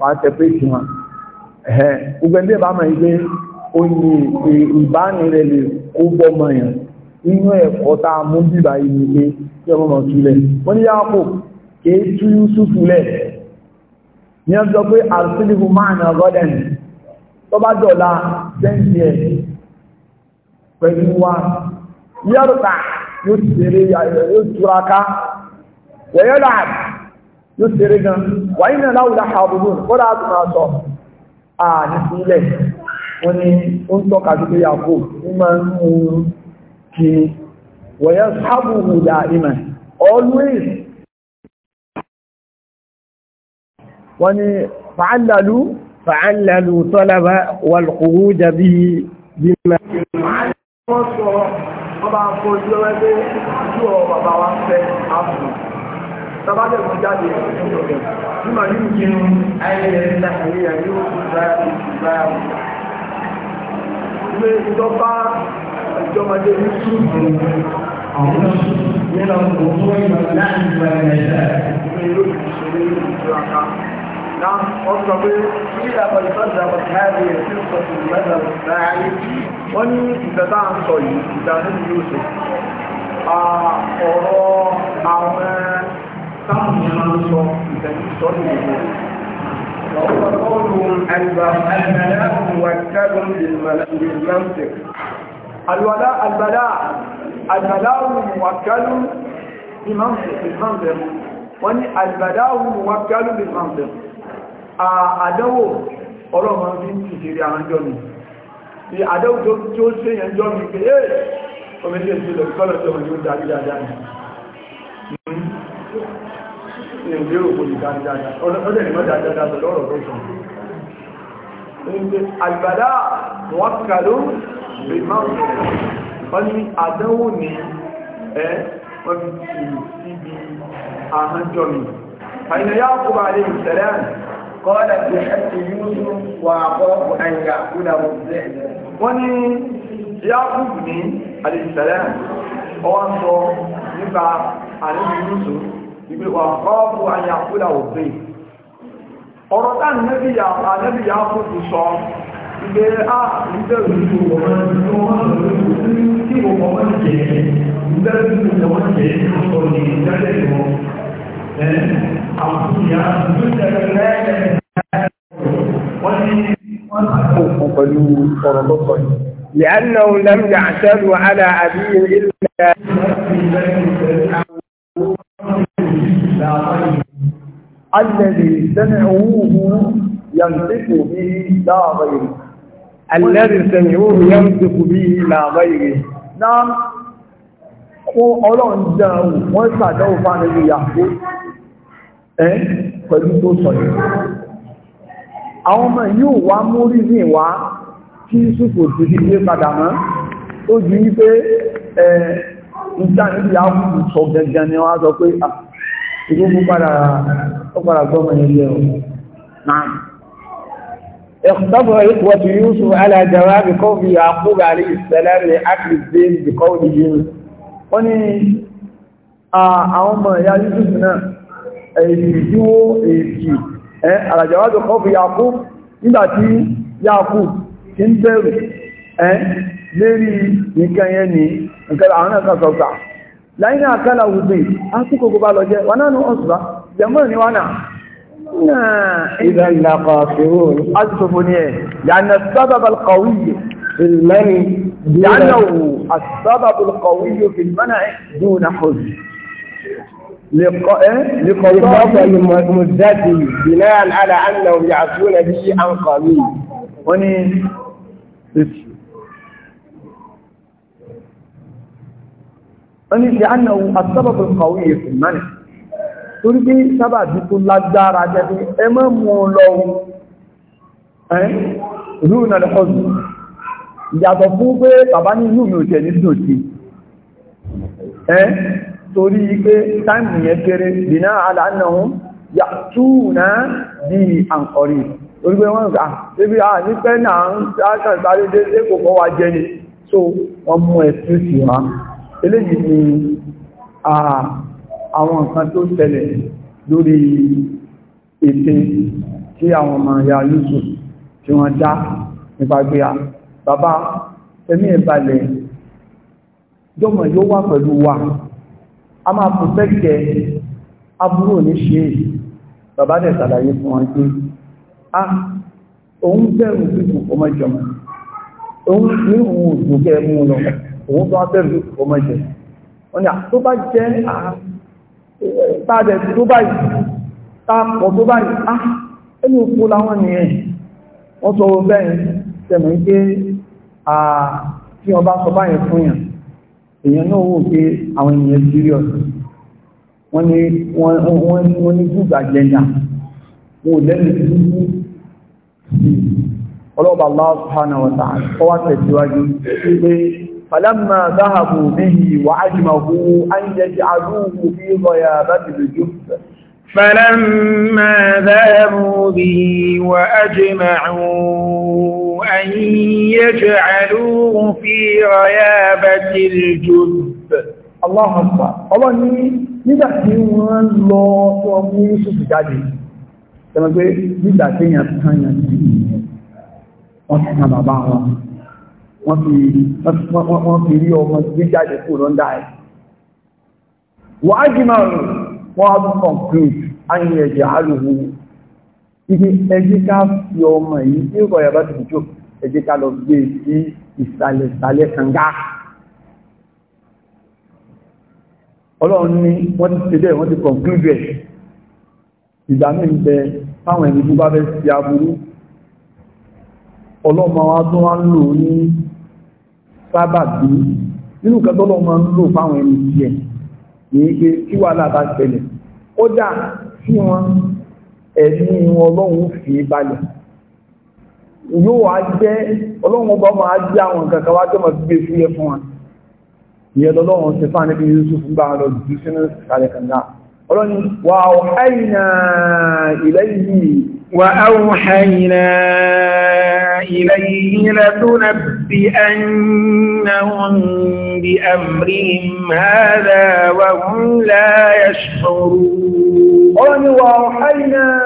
wàá tẹ pé tì wọn gbogbo ẹgbẹ́ bá máa ń gbé oyin ìbánirẹ̀ lè kó bọ́ inú ẹ̀kọ́ tá mú bíbá yìí tí ọmọ mọ̀ túlẹ̀ wọ́n ní yàgò kéé tú Yúsúfù lẹ̀ ní ọ pé àrùsílìhù máa nà gọ́dẹ̀n tó bá dọ̀la sẹ́ǹdì ẹ̀ pẹ̀lú wa yóò tèrè yóò túraká wẹ̀yọ́lá yóò tèrè gan wà ní aláwùlá àbúrú kọ́dà àtúnà sọ à ní sílẹ̀ wọ́n ni ó ń tọ́ka sí pé yàgò ní máa ń mú kí wẹ̀yọ́ sábùhù always wọ́n ni fa'allalu fa'allalu tọ́lábà wàlùkúrú jàbí bí mẹ́ wọ́n sọ ọba àfojú ọwẹ́gbẹ́ ojú ọ bàbá wa fẹ́ àfún tàbátẹ̀ mú jáde nígbà yìí kí ní ayẹyẹ yóò tún báyà báyà ilé ìjọba ìjọmọdé ní ṣùgbọ́n àwọn ìlànà òkú ìgbà láti ìgbà ìrẹsẹ̀ ilé ìlú ìṣẹ̀lẹ̀ ìlú ìtura ká نعم وصفه إلى من كذبت هذه قصة المذهب الداعي ومن كتاب صيد كتاب يوسف ọ̀rọ̀ àwọn táwọn máa ń sọ ìtẹ̀sọ́ ìgbòho وقولهم البلاء موكل للمنطق الولاء البلاء البلاء موكل بمنطق بالمنطق وان البلاء موكل بالمنطق àdánwò ọlọ́mọ bí ń tìtìrí àwọn jọ mi bí àdánwò tí ó ṣe yẹn jọ mi pé ẹ́ ọmọdé ìṣẹ́lẹ̀ kọ́lọ̀ tí ọmọ yóò darí dáadáa ní ìlérò kò lè darí dáadáa ọdẹ́ ìmọ̀ dáadáa lọ́rọ̀ tó sọ àgbàdá wákàló lè máa ń wọ́n ní àdánwò ní ẹ́ wọ́n fi tìrì kọ́ọ̀dà bí ẹ̀sìn yúúsù wà àkọ́kù ẹ̀yà kúdà mọ̀tẹ́ wọ́n ní yakubu ní alìsẹ̀lẹ̀ ọwọ́ ń sọ nípa àríwí yúúsù ìgbé wà àkọ́kù ẹ̀yà kúdà mọ̀tẹ́ ọ̀rọ̀ táà nẹ́bí yakubu sọ ìgbé a ìbẹ̀rù ìgbòmọ̀ لأنه لم يعتدوا على أبيه إلا الذي سمعوه ينطق به لا غيره الذي سمعوه ينطق به لا غيره نعم ọlọ́run jẹun wọ́n sàdọ́ òfin àníbi yàkó ẹ́ pẹ̀lú tó sọ yìí àwọn ọmọ yóò wá múrí ní ìwá tí ṣùkò tí ti lé padà mọ́ tó jù ní pé ẹ̀ ìjà níbi àwùjù sọ gẹ́gẹ́ ni wọ́n á sọ pé ah, ìgbógun padà ọpàdà gbọ́mọ ilé ọ̀ náà اقتضى إخوة يوسف على جواب قول يعقوب عليه السلام لأكل الزين بقوله wọ́n ni ah, àwọn ọmọ ìyá Yusuf náà èsì tí ó èsì ẹ́ àràjàwájò kan fi yàkú nígbàtí yàkú tí ń bẹ̀rù ẹ́ lérí nǹkan yẹn ni nǹkan àwọn náà kan sọ̀tà láyé náà kálà wùdí á tí kòkó bá lọ jẹ́ wà náà nù ọ̀sùlá jẹ́mọ́ ní wà náà ìdánilá kan fi rú ẹ̀ yànnà sábàbà kọ̀wé المنع لأنه السبب القوي في المنع دون حزن لقضاء المزداد بناء على أنهم يعفون به عن قليل وني وني لأنه السبب القوي في المنع torí pé sábà dìkú lágbára jẹ́ pé ẹ mọ́ mú lọ́wọ́ ẹ́ rúnà lẹ́kọ́sù ìyàtọ̀ fún pé bàbá ní inú mi ò tẹ̀ ní dòtí ẹ́ torí pé táìmù yẹn kéré bìnà aláàánàwó yàtúùnà bí àǹkọ̀rí torí pé wọ́n gbà débi à ní pẹ́ náà ń sáré dé kòkó wa jẹ́ ni so wọ́n mú ẹ̀sù sí wọn eléyìí ni àwọn nǹkan tó tẹ̀lẹ̀ lórí ète tí àwọn ọmọ ìyá Yusuf tí wọ́n dá nípa gbé a ah, bàbá ẹ̀mí ìbalẹ̀ jọmọ̀ yóò wà pẹ̀lú wa a máa pòtẹ́kẹ̀ aburú ò ní ṣe bàbá dẹ̀ sàlàyé fún wọn pé a òun bẹ̀rù fífò ọmọjọmọ òun ní òun òjòkẹ́ mú lọ òun bá bẹ̀rù fífò ọmọjọ ni tó bá jẹ́ àtàdẹ̀ tó báyìí tàpọ̀ tó báyìí á ẹni òkú láwọn ni ẹ̀ wọ́n sọ bẹ́ẹ̀ tẹ̀mọ̀ pé à tí wọ́n bá sọ báyìí fún yàn èèyàn náà wò pé àwọn ènìyàn serious wọ́n ní wọ́n ní good agenda wọn ò lẹ́nu dúdú ọlọ́ọ̀bà Allah subhanahu wa ta'ala kọ́ tẹ̀síwájú pé falamma dhahabu bihi wa ajmahu an yaj'aluhu fi ghayabati al فلما ذهبوا به وأجمعوا أن يجعلوه في غيابة الجب الله أكبر الله nígbà tí wọ́n lọ tó ọmọ Yúsùfù jáde tẹ́mọ̀ pé nígbà tí èèyàn tányà sí ìyẹn wọ́n ti tán bàbá wọn wọ́n fi rí ọmọ gbé jáde kúrò lọ́ndà ẹ̀ wọ́n á jìmọ̀ rẹ̀ wọ́n á tún complete ayé ẹ̀jẹ̀ àlùwò ibi ẹjẹ́ ká fi ọmọ yìí tí ó kọ̀yà bá ti jò ẹjẹ́ ká lọ gbé e sí ìsàlẹ̀ ìsàlẹ̀ kànga ọlọ́run ní wọ́n ti ṣe bẹ́ẹ̀ wọ́n ti conclude ẹ̀ ìgbà mí ń bẹ fáwọn ẹni tó bá fẹ́ ṣe aburú ọlọ́mọ wa tó wá ń lò ní sábàbí nínú kẹtọ́ ọlọ́mọ ń lò fáwọn ẹni tiẹ̀ ní pé kí wàhálà bá ṣẹlẹ̀ kódà tí wọn ẹ̀mí wọn ọlọ́run fi balẹ̀ yóò wá jẹ́ ọlọ́run ọba máa jẹ́ àwọn nǹkan wá tó máa gbé fúyẹ́ fún wa ìyẹn lọ́lọ́run ṣe fáwọn níbi Yusuf ń bá lọ jù ọlọ́run wà ẹ̀yìn náà ilẹ̀ yìí wà إليه لتنبئنهم بأمرهم هذا وهم لا يشعرون قل وأوحينا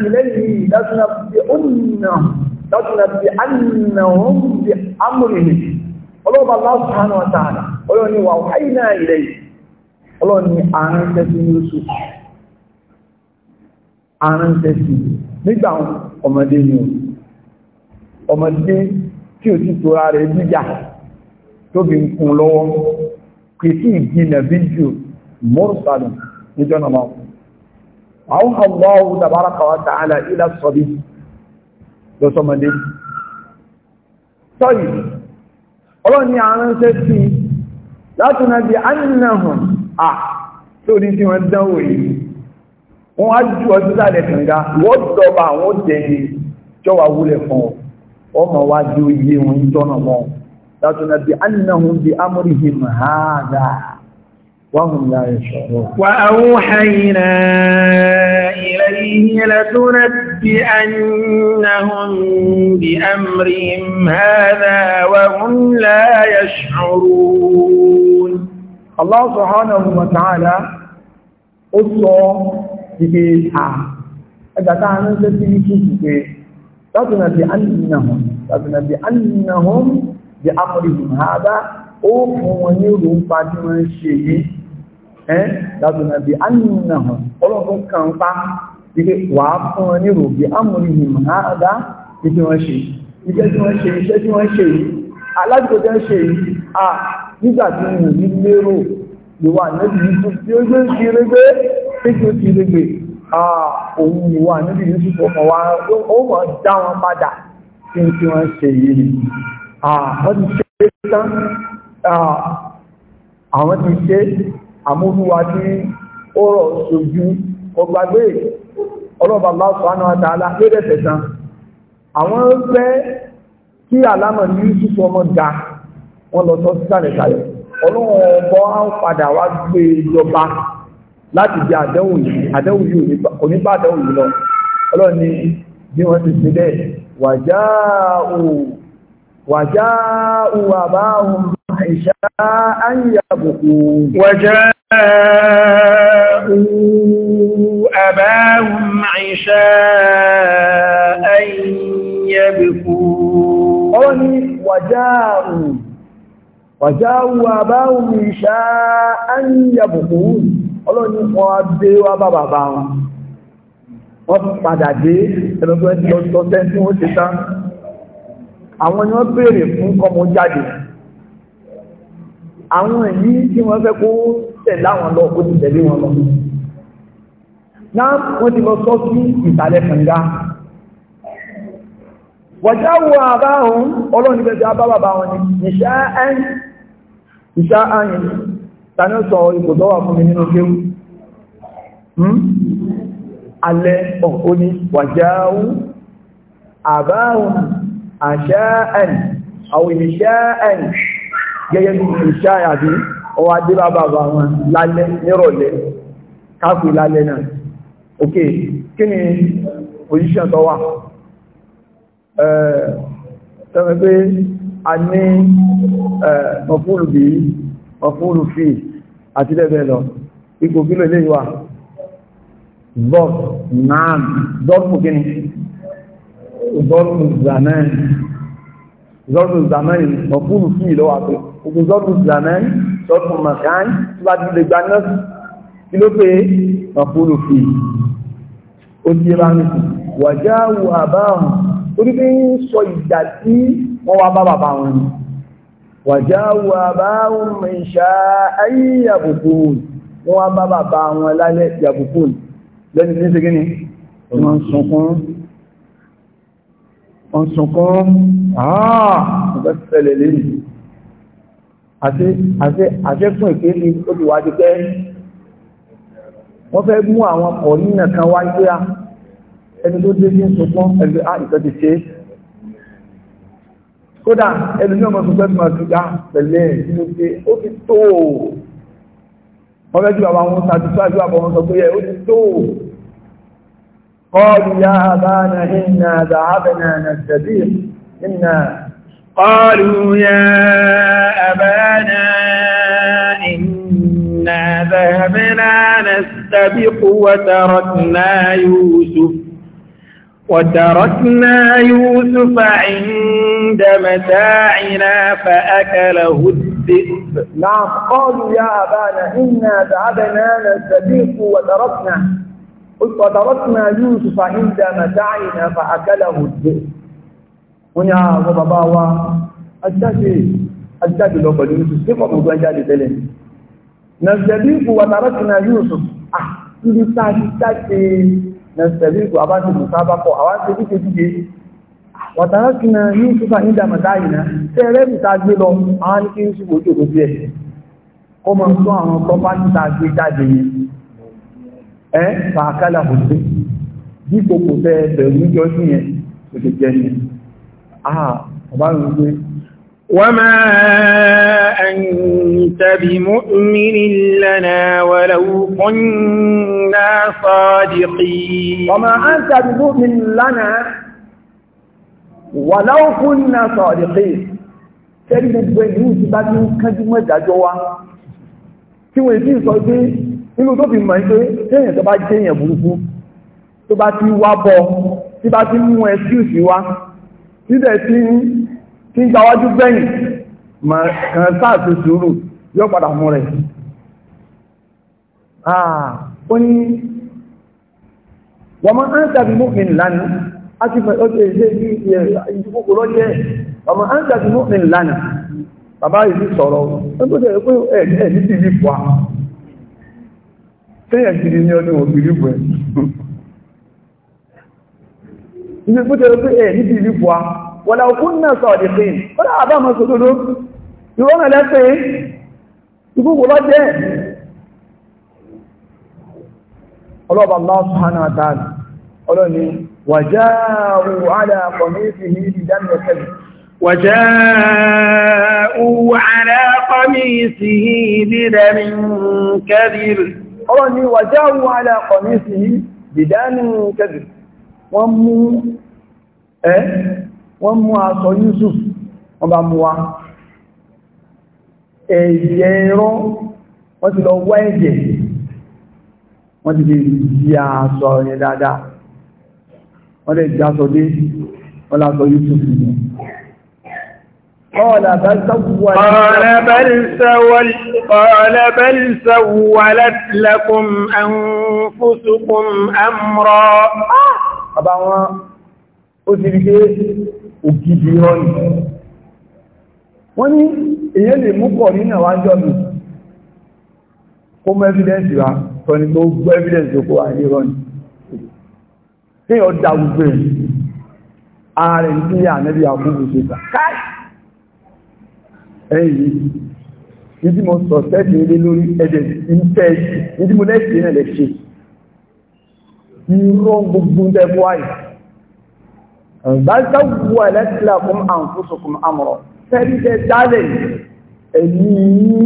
إليه لتنبئنهم لتنبئنهم بأمرهم قلوب الله سبحانه وتعالى قلوني وأوحينا إليه قلوني أنت يوسف أنت في ọmọdé ni ọmọdé tí ò sí tora rẹ̀ jíjà tóbi ń kún lọ́wọ́ kì sí ìdínà bíjù mọ́rùsàlù níjọ́ náà àwọn Allahu tabaraka wa ta'ala ila sọ̀bí lọ́sọmọdé sọ́yì ọlọ́ni àránṣẹ́ sí láti náà di ánìyàn à sórí tí wọ́n dánwò yìí wọ́n á jù ọdún sálẹ̀ kànga wọ́n dọba àwọn òjẹ̀yìn jọwà wúlẹ̀ fún ọ ọmọ wa di oyè wọn jọ́nà mọ́ látọ̀nà bí annahum bí amúrihìm hàdà wàhùn láyé sọ̀rọ̀. wà á wù hàyìnà ìlàyé látọ̀nà bí annahum bí amúrihìm hàdà wàhùn láyé sọ̀rọ̀. Allah subhanahu wa ta'ala ó sọ ìgbé à ẹgbàtà àwọn ẹgbẹ́ tí ní kí ìgbé látùnà bí annahum látùnà bí annahum bí amúrìhùn hádá ó fún wọn ní ìlú ń pa tí wọ́n ń ṣe yìí ẹ́ látùnà bí annahum ọlọ́pọ̀ kan pa wípé wà á fún wọn ní ìlú bí amúrìhùn hádá tí wọ́n ṣe iṣẹ́ tí wọ́n ṣe iṣẹ́ tí wọ́n yìí à nígbà tí wọ́n ní lérò lè wà níbi tí ó gbé sí rẹ́gbẹ́ tí ó ti rẹ́gbẹ́ Ah, òun ìwà níbi Yúsùfù ọmọ wa ó mọ̀ dá wọn padà tí tí wọ́n ṣe yìí ah, wọ́n ti ṣe tán ah, àwọn ti ṣe àmúhúwa tí ó rọ̀ ṣojú ọgbàgbé ọlọ́bà bá sọ́nà àtàlá lórí tẹ̀sán àwọn fẹ́ kí àlámọ̀ ní Yúsùfù ọmọ ga wọ́n lọ sọ sí sàlẹ̀sàlẹ̀ ọlọ́run ọgbọ́n á padà wá gbé ìjọba e láti jẹ àdẹ́wùn yìí àdẹ́wùn yìí kò ní bá àdẹ́wùn yìí lọ ọlọ́run ni bí wọ́n ti ṣe bẹ́ẹ̀ wàjáàù àbáhùn àìṣà àyàbùkù wàjáàù àbáhùn àìṣà àyàbùkù ọwọ́ ni wàjáàù wàjáàù àbáhùn àìṣà ọlọ́ni wọn á dé wá bá bàbá wọn wọ́n padà dé ẹlọ́gbẹ́ lọ́sẹ̀ tí wọ́n ṣe tán àwọn ni wọ́n béèrè fún kọmọ jáde àwọn èyí tí wọ́n fẹ́ kó tẹ̀lé àwọn lọ kó ti tẹ̀lé wọn lọ náà wọ́n ti lọ sọ sí ìsàlẹ̀ kànga wọ̀já wo àbáhùn ọlọ́run bẹ̀rẹ̀ bá bàbá wọn ni ìṣá ẹ̀yìn tani ó sọ ipò tó wà fún mi nínú kéwú hmm? alẹ́ ọ̀hún ní wàjáwú àbáhùn àṣáàn àwọn ìṣáàn gẹ́gẹ́ bí ìṣáà àbí ọwọ́ adébá wọn lálẹ́ nírọ̀lẹ́ káàkiri lálẹ́ náà ok kí ni position tó wà tọ́wọ́ pé a ní ọ̀fúrù bí ọ̀fúrù fíì àti bẹ́ẹ̀ lọ ipò kí ló lè wà bọ́ọ̀f náà bọ́ọ̀fù kíni bọ́ọ̀fù zamani bọ́ọ̀fù zamani mọ̀kúrù fún ìlọ́wà pé òkú bọ́ọ̀fù zamani bọ́ọ̀fù makan tí wàá ti lè gba nọ́ọ̀sì kí ló pé mọ̀kúrù fún ó ti bá ń sùn wàjáwò àbáhùn orí bí ń sọ ìjà tí wọ́n wá bá bàbá wọn wàjáwò àbáhùn ìṣà ayé yàbùkù wọ́n bá bàbá wọn lálẹ́ yàbùkù lẹ́ni tí ṣe gíní wọ́n sunkún wọ́n sunkún àà ọ̀fẹ́ sẹlẹ̀ lẹ́yìn àṣẹ́kùn ìkéèlì ó ti wá ti pẹ́ wọ́n fẹ́ mú àwọn kọ̀ nínà kan wáyé ẹni tó dé sí sunkún ẹgbẹ́ ah, ìkẹ́ ti ṣe é kódà ẹni ní ọmọ tuntun ẹgbẹ́ àtúgbà pẹ̀lẹ́ nínú pé ó ti tó o wọ́n fẹ́ ju bàbá wọn satisfy ju bàbá wọn sọ pé ẹ ó ti tó o. قالوا يا أبانا إنا ذهبنا نستبيح إنا قالوا يا أبانا إنا ذهبنا نستبق yóò يوسف وتركنا يوسف عند متاعنا فأكله الذئب نعم قالوا يا أبانا إنا ذهبنا نستبيق وتركنا قلت وتركنا يوسف عند متاعنا فأكله الذئب ويا بابا بابا أجدي أجدي لو قال يوسف كيف أبغى أجدي تلين نستبيق وتركنا يوسف أه nẹ̀sẹ̀lẹ̀ ìgbò àbájú ìsábápọ̀ àwọn tí ó kéjìdé wàtàrà kí na ní ṣúgbà ní ìdàmàdá ìná tẹ́ ẹrẹ́bì ta gbé lọ àwọn ní kí ń ṣùgbò òjò lójú ẹ̀ kó mọ̀ tó àwọn pọ́pátì ta gbé jáde yìí ẹ́ fàákálà kò sí dípò kò tẹ́ bẹ̀rù níjọ́ sí yẹn kò ni وما أنت بمؤمن لنا ولو كنا صادقين وما أنت بمؤمن لنا ولو كنا صادقين tẹ́rí gbogbo ẹ̀yìn ìlú ti bá ní kájú mọ́ ìdájọ́ wa tí wọ́n èsì sọ pé inú tó fi mọ̀ pé téèyàn tó bá jẹ́ èèyàn burúkú tó bá ti wá bọ́ tí bá ti mú ẹ sí òsì wa tí dẹ̀ ti tí ń gbáwájú gbẹ̀yìn kàn sáàtì sùúrù yóò padà mú rẹ̀ ah, ó ní wọ́n máa ń tàbí mọ́kìn lánàá a ti fẹ́ ọjọ́ ilé ìdíkòkò lọ́jẹ́ wọ́n máa ń tàbí mọ́kìn lánàá bàbá yìí wọ̀lá òkún náà sọ ọ̀dẹ̀fẹ́ ó dá àbá mọ́ sódòdó ìwọ́n ẹlẹ́fẹ́ ìgbogbo lọ jẹ́ ọlọ́ọ̀bà Allah subhanahu wa ta'ala ọlọ́ni wàjáàrù aláàkọ̀mẹ́sì على قميصه بدم كذب ọlọ́ni وجاءوا على قميصه بدم كذب wọ́n wọ́n mú aṣọ Yusuf wọ́n bá mú wá ẹ̀jẹ̀ ẹ̀rọ wọ́n ti lọ wá ẹ̀jẹ̀ wọ́n ti fi aṣọ yẹn dáadáa wọ́n lè jí aṣọ dé wọ́n lásọ Yusuf قال بل سولت لكم أنفسكم أمرا أبا ó ti ògidì rọ́nì wọ́n ní èyẹ́ lè mú kọ̀ nínú àwọn àjọ́ mi kó mọ́ evidence wa tọ́ ni tó gbọ́ evidence tó kó wà ní rọ́nì tí ó dá gbogbo ẹ̀ ààrẹ ní ilé ànẹ́bí àkúgbù ṣe gbà káì ẹ̀yìn ní tí mo sọ sẹ́ẹ̀tì ilé lórí ẹ̀dẹ̀ ìfẹ́ ní tí mo lẹ́sìn ẹ̀lẹ́ ṣe ìrọ́ gbogbo ń tẹ́kọ́ bal sawwalat lakum anfusukum amra sẹ́rí tẹ dálẹ̀ ẹ̀mí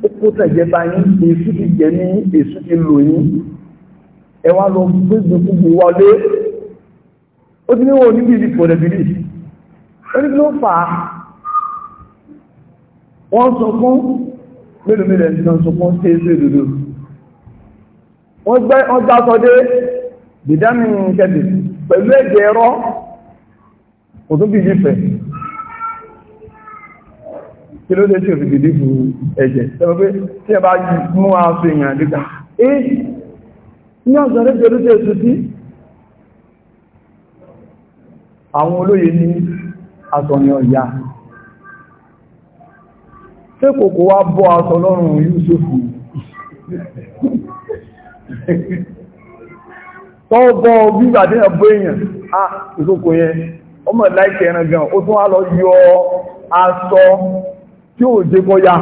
kókó tẹ̀jẹba yín èsù ti jẹ ní èsù ti lò yín ẹ wá lọ gbégbégbé wọlé ó ti ní wọn níbi ìdìbò rẹ̀ bìrì ó ní kí ló fà á wọ́n sọ fún mélòó mélòó ẹni sọ fún ṣéṣe òdodo wọ́n gbá sọdé bìdámì kẹ́bì pẹ̀lú ẹ̀jẹ̀ ẹ̀rọ kò tó bìí fẹ́ kí ló dé tí òfin bìí fún ẹ̀jẹ̀ tẹ́wọ́ pé tí ẹ bá mú aṣọ èèyàn dígbà eh ní ọ̀sán lé pẹ̀lú tẹ́ èso sí àwọn olóye ní asọ̀yàn ọ̀yà tí kòkó wá bọ́ aṣọ lọ́rùn Yúsùfù tọ́ bọ́ bí ìgbà tí ẹ̀ bọ́ èèyàn ah ìkòkò yẹn ó mọ̀ láìkẹ̀ ẹran gan ó tún wá lọ yọ aṣọ tí ó jẹ́ kọjá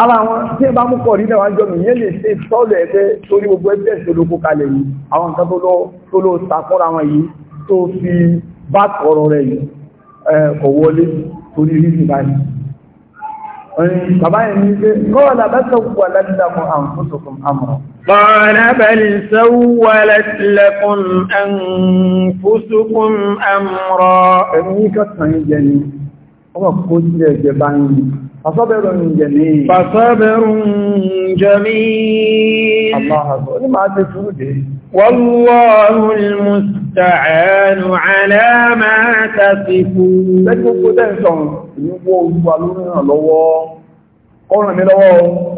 ara wọn tí ẹ bá mú kọ̀ nílẹ̀ wájọ́ mi yẹ́ lè ṣe tọ́lẹ̀ ẹgbẹ́ torí gbogbo ẹgbẹ́ ìṣòlókó kalẹ̀ yìí àwọn nǹkan tó lọ sàkọ́ra wọn yìí tó fi bá kọ̀rọ̀ rẹ̀ yìí kọ̀ wọlé torí rí ìbáyìí ọ̀rin bàbá yẹn ní pé kọ́ قال بل سولت لكم أنفسكم أمرا فصبر جميل فصبر جميل الله أكبر والله المستعان على ما تصفون لكن قد أنسان يقول بالون الله قولنا من الله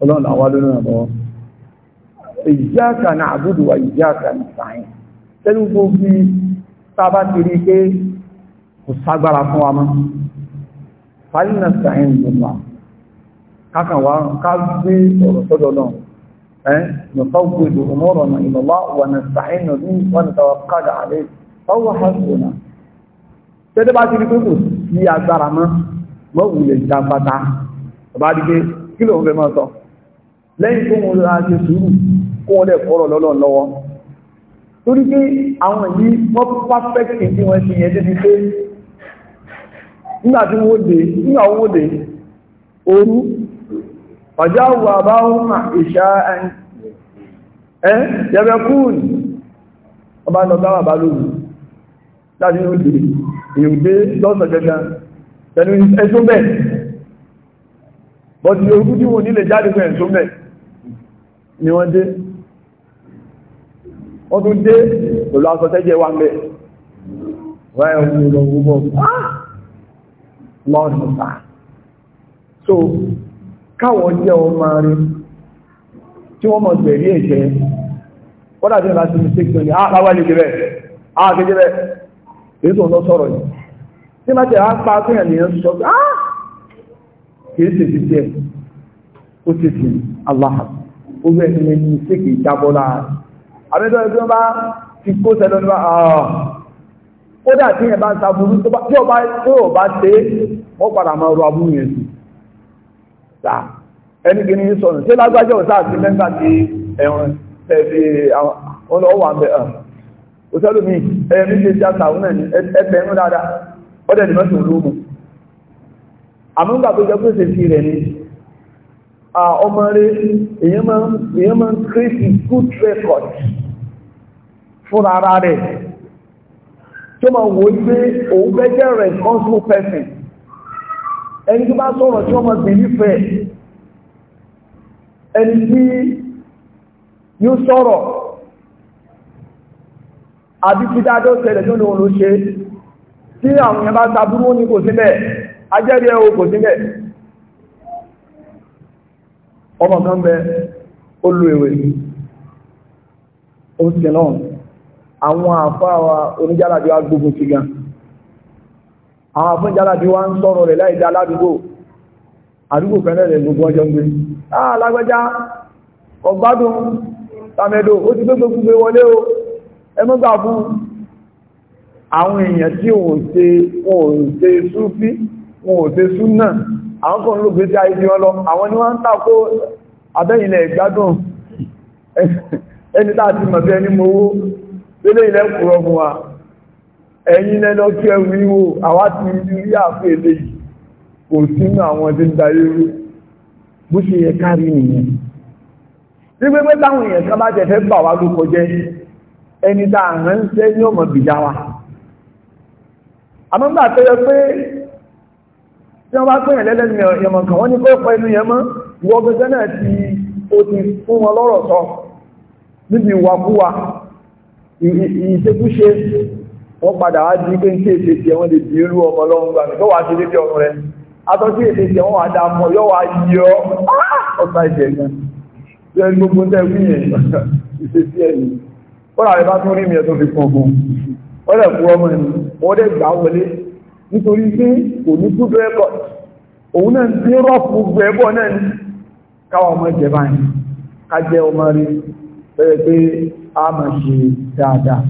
ọlọ́run àwọn lónà lọ́wọ́ iyyaka na'budu wa iyyaka nasta'in tẹ́lú gbogbo tábà ti rí pé kò ságbára fún wa mọ́ fàílìnà sàáyìn lọ́wọ́ kákan wá ká gbé ọ̀rọ̀ sọ́dọ̀ náà ẹ́ nùfọ́gbèdò ọmọ́rọ̀nà ìlọ́lá wà nà sàáyìn nà ní wọ́n tàwà kádà àlẹ́ fọwọ́ ọba dígbé kí lóun fẹ́ máa sọ lẹ́yìn tó wọn lọ́la ṣe sùúrù kó wọn lè kọ́rọ̀ lọ́lọ́run lọ́wọ́ torí pé àwọn yìí wọ́n pàfẹ́kì tí wọ́n ṣe yẹn débi pé nígbà tí wọ́n dé nígbà wọ́n dé òru ọjọ́ àwọn àbáwọn ìṣà ẹ̀ yẹ̀bẹ̀ kúùn ọba lọ bá bàbá lóòrùn láti ní òdè ìrùdé lọ́sọ̀ gẹ́gẹ́ pẹ̀lú ẹ̀tún bẹ̀ bọ́dì orúkú tí wọ́n nílẹ̀ jáde fún ẹ̀tún bẹ̀ ni wọ́n dé wọ́n tún dé pẹ̀lú asọ́tẹ́jẹ́ wa mẹ́ ọmọ ọmọ so káwọn jẹ́ ọmọ rí tí wọ́n mọ̀ bẹ̀rí ẹ̀jẹ́ wọ́dá tí láti mú síkì ní ah lè jẹ́ bẹ́ẹ̀ àkẹ́jẹ́ bẹ́ẹ̀ èyí tó lọ sọ̀rọ̀ yìí tí tẹ̀ ah kìí ti ó ti gbogbo ẹ̀sìn ní mistake ìjábọ́ lára àbẹ́tọ́ ẹgbẹ́ wọn bá ti kó sẹ́lọ nípa ah, kódà tí yẹn bá ń saburú tí ọba tí ọba ṣe wọ́n padà máa rọ abúrú yẹn sí ta ẹni kì ní sọnù ṣé lágbájọ́ òsà àti mẹ́ta òṣèlú ah. mi ẹ̀yẹ ṣe ti àtàwọn náà ní ẹgbẹ́ dáadáa ọdẹ ni mẹ́sàn-án ló mú àmúgbà tó jẹ́ pé ṣe rẹ̀ ni ọmọ rẹ̀ èyàn máa ń create good record fún ara rẹ̀ tó máa wò pé òun fẹ́ jẹ́ responsible person ẹni tó bá sọ̀rọ̀ tí wọ́n máa believe ẹni tí yóò sọ̀rọ̀ àbí tí dáadọ́ tẹ́lẹ̀ tó ní òun ló ṣe tí àwọn èèyàn bá taburú ní kò sílẹ̀ ajẹ́rẹ́ o kò sílẹ̀ ọmọ kan bẹ olú ìwé ó sì náà àwọn àfáwà oníjálàbí wa gbógun ti gan àwọn àfúnjálàbí wa ń sọ̀rọ̀ rẹ̀ láì dá aládùúgbò àdúgbò fẹ́rẹ̀ rẹ̀ gbogbo ọjọ́ gbé alágbẹ́já ọgbádùn tàmẹ́dò ó ti gbogbo gbogbo wọlé o ẹmọ́gbà fún àwọn èèyàn tí wọ́n ò ṣe súfí wọ́n ò ṣe súnà àwọn kan ló gbé sí ayé tí wọ́n lọ àwọn ni wọ́n ń tàkó abẹ́yìnlẹ̀ ìgbádùn ẹni láti mọ̀ bí ẹni mowó lélé ilẹ̀ kúrọ fún wa ẹ̀yìn lẹ́lọ kí ẹrù níwò àwá ti rí àfẹ́ ilé yìí kò sínú àwọn tí ń darí rú bó ṣe yẹ kárí nìyẹn ní pé pé táwọn èèyàn kan bá jẹ fẹ́ bà wá ló kọjẹ ẹni tá à ń ránṣẹ́ ní ọmọ bìjà wa àmọ́ gbà tó pé tí wọ́n bá pẹ̀yẹ̀ lẹ́lẹ́nu ẹ̀mọ̀ kan wọ́n ni kó pọ̀ inú yẹn mọ́ ìwọ gẹ́gẹ́ náà ti ó ti fún wọn lọ́rọ̀ sọ níbi ìwàkúwà ìṣekúṣe wọ́n padà wá di pé ń kí èsì tí wọ́n lè di irú ọmọ lọ́wọ́ gbà mí tó wà sí lédè ọmọ rẹ̀ atọ́ sí èsì tí wọ́n wà dá nítorí pé kò ní gúdó ẹ̀kọ́ òun náà tí rọ́pù gbogbo ẹ̀bọ̀ náà ní káwà ọmọ jẹ báyìí kájẹ ọmọ rí bẹ̀rẹ̀ pé a máa ṣe dáadáa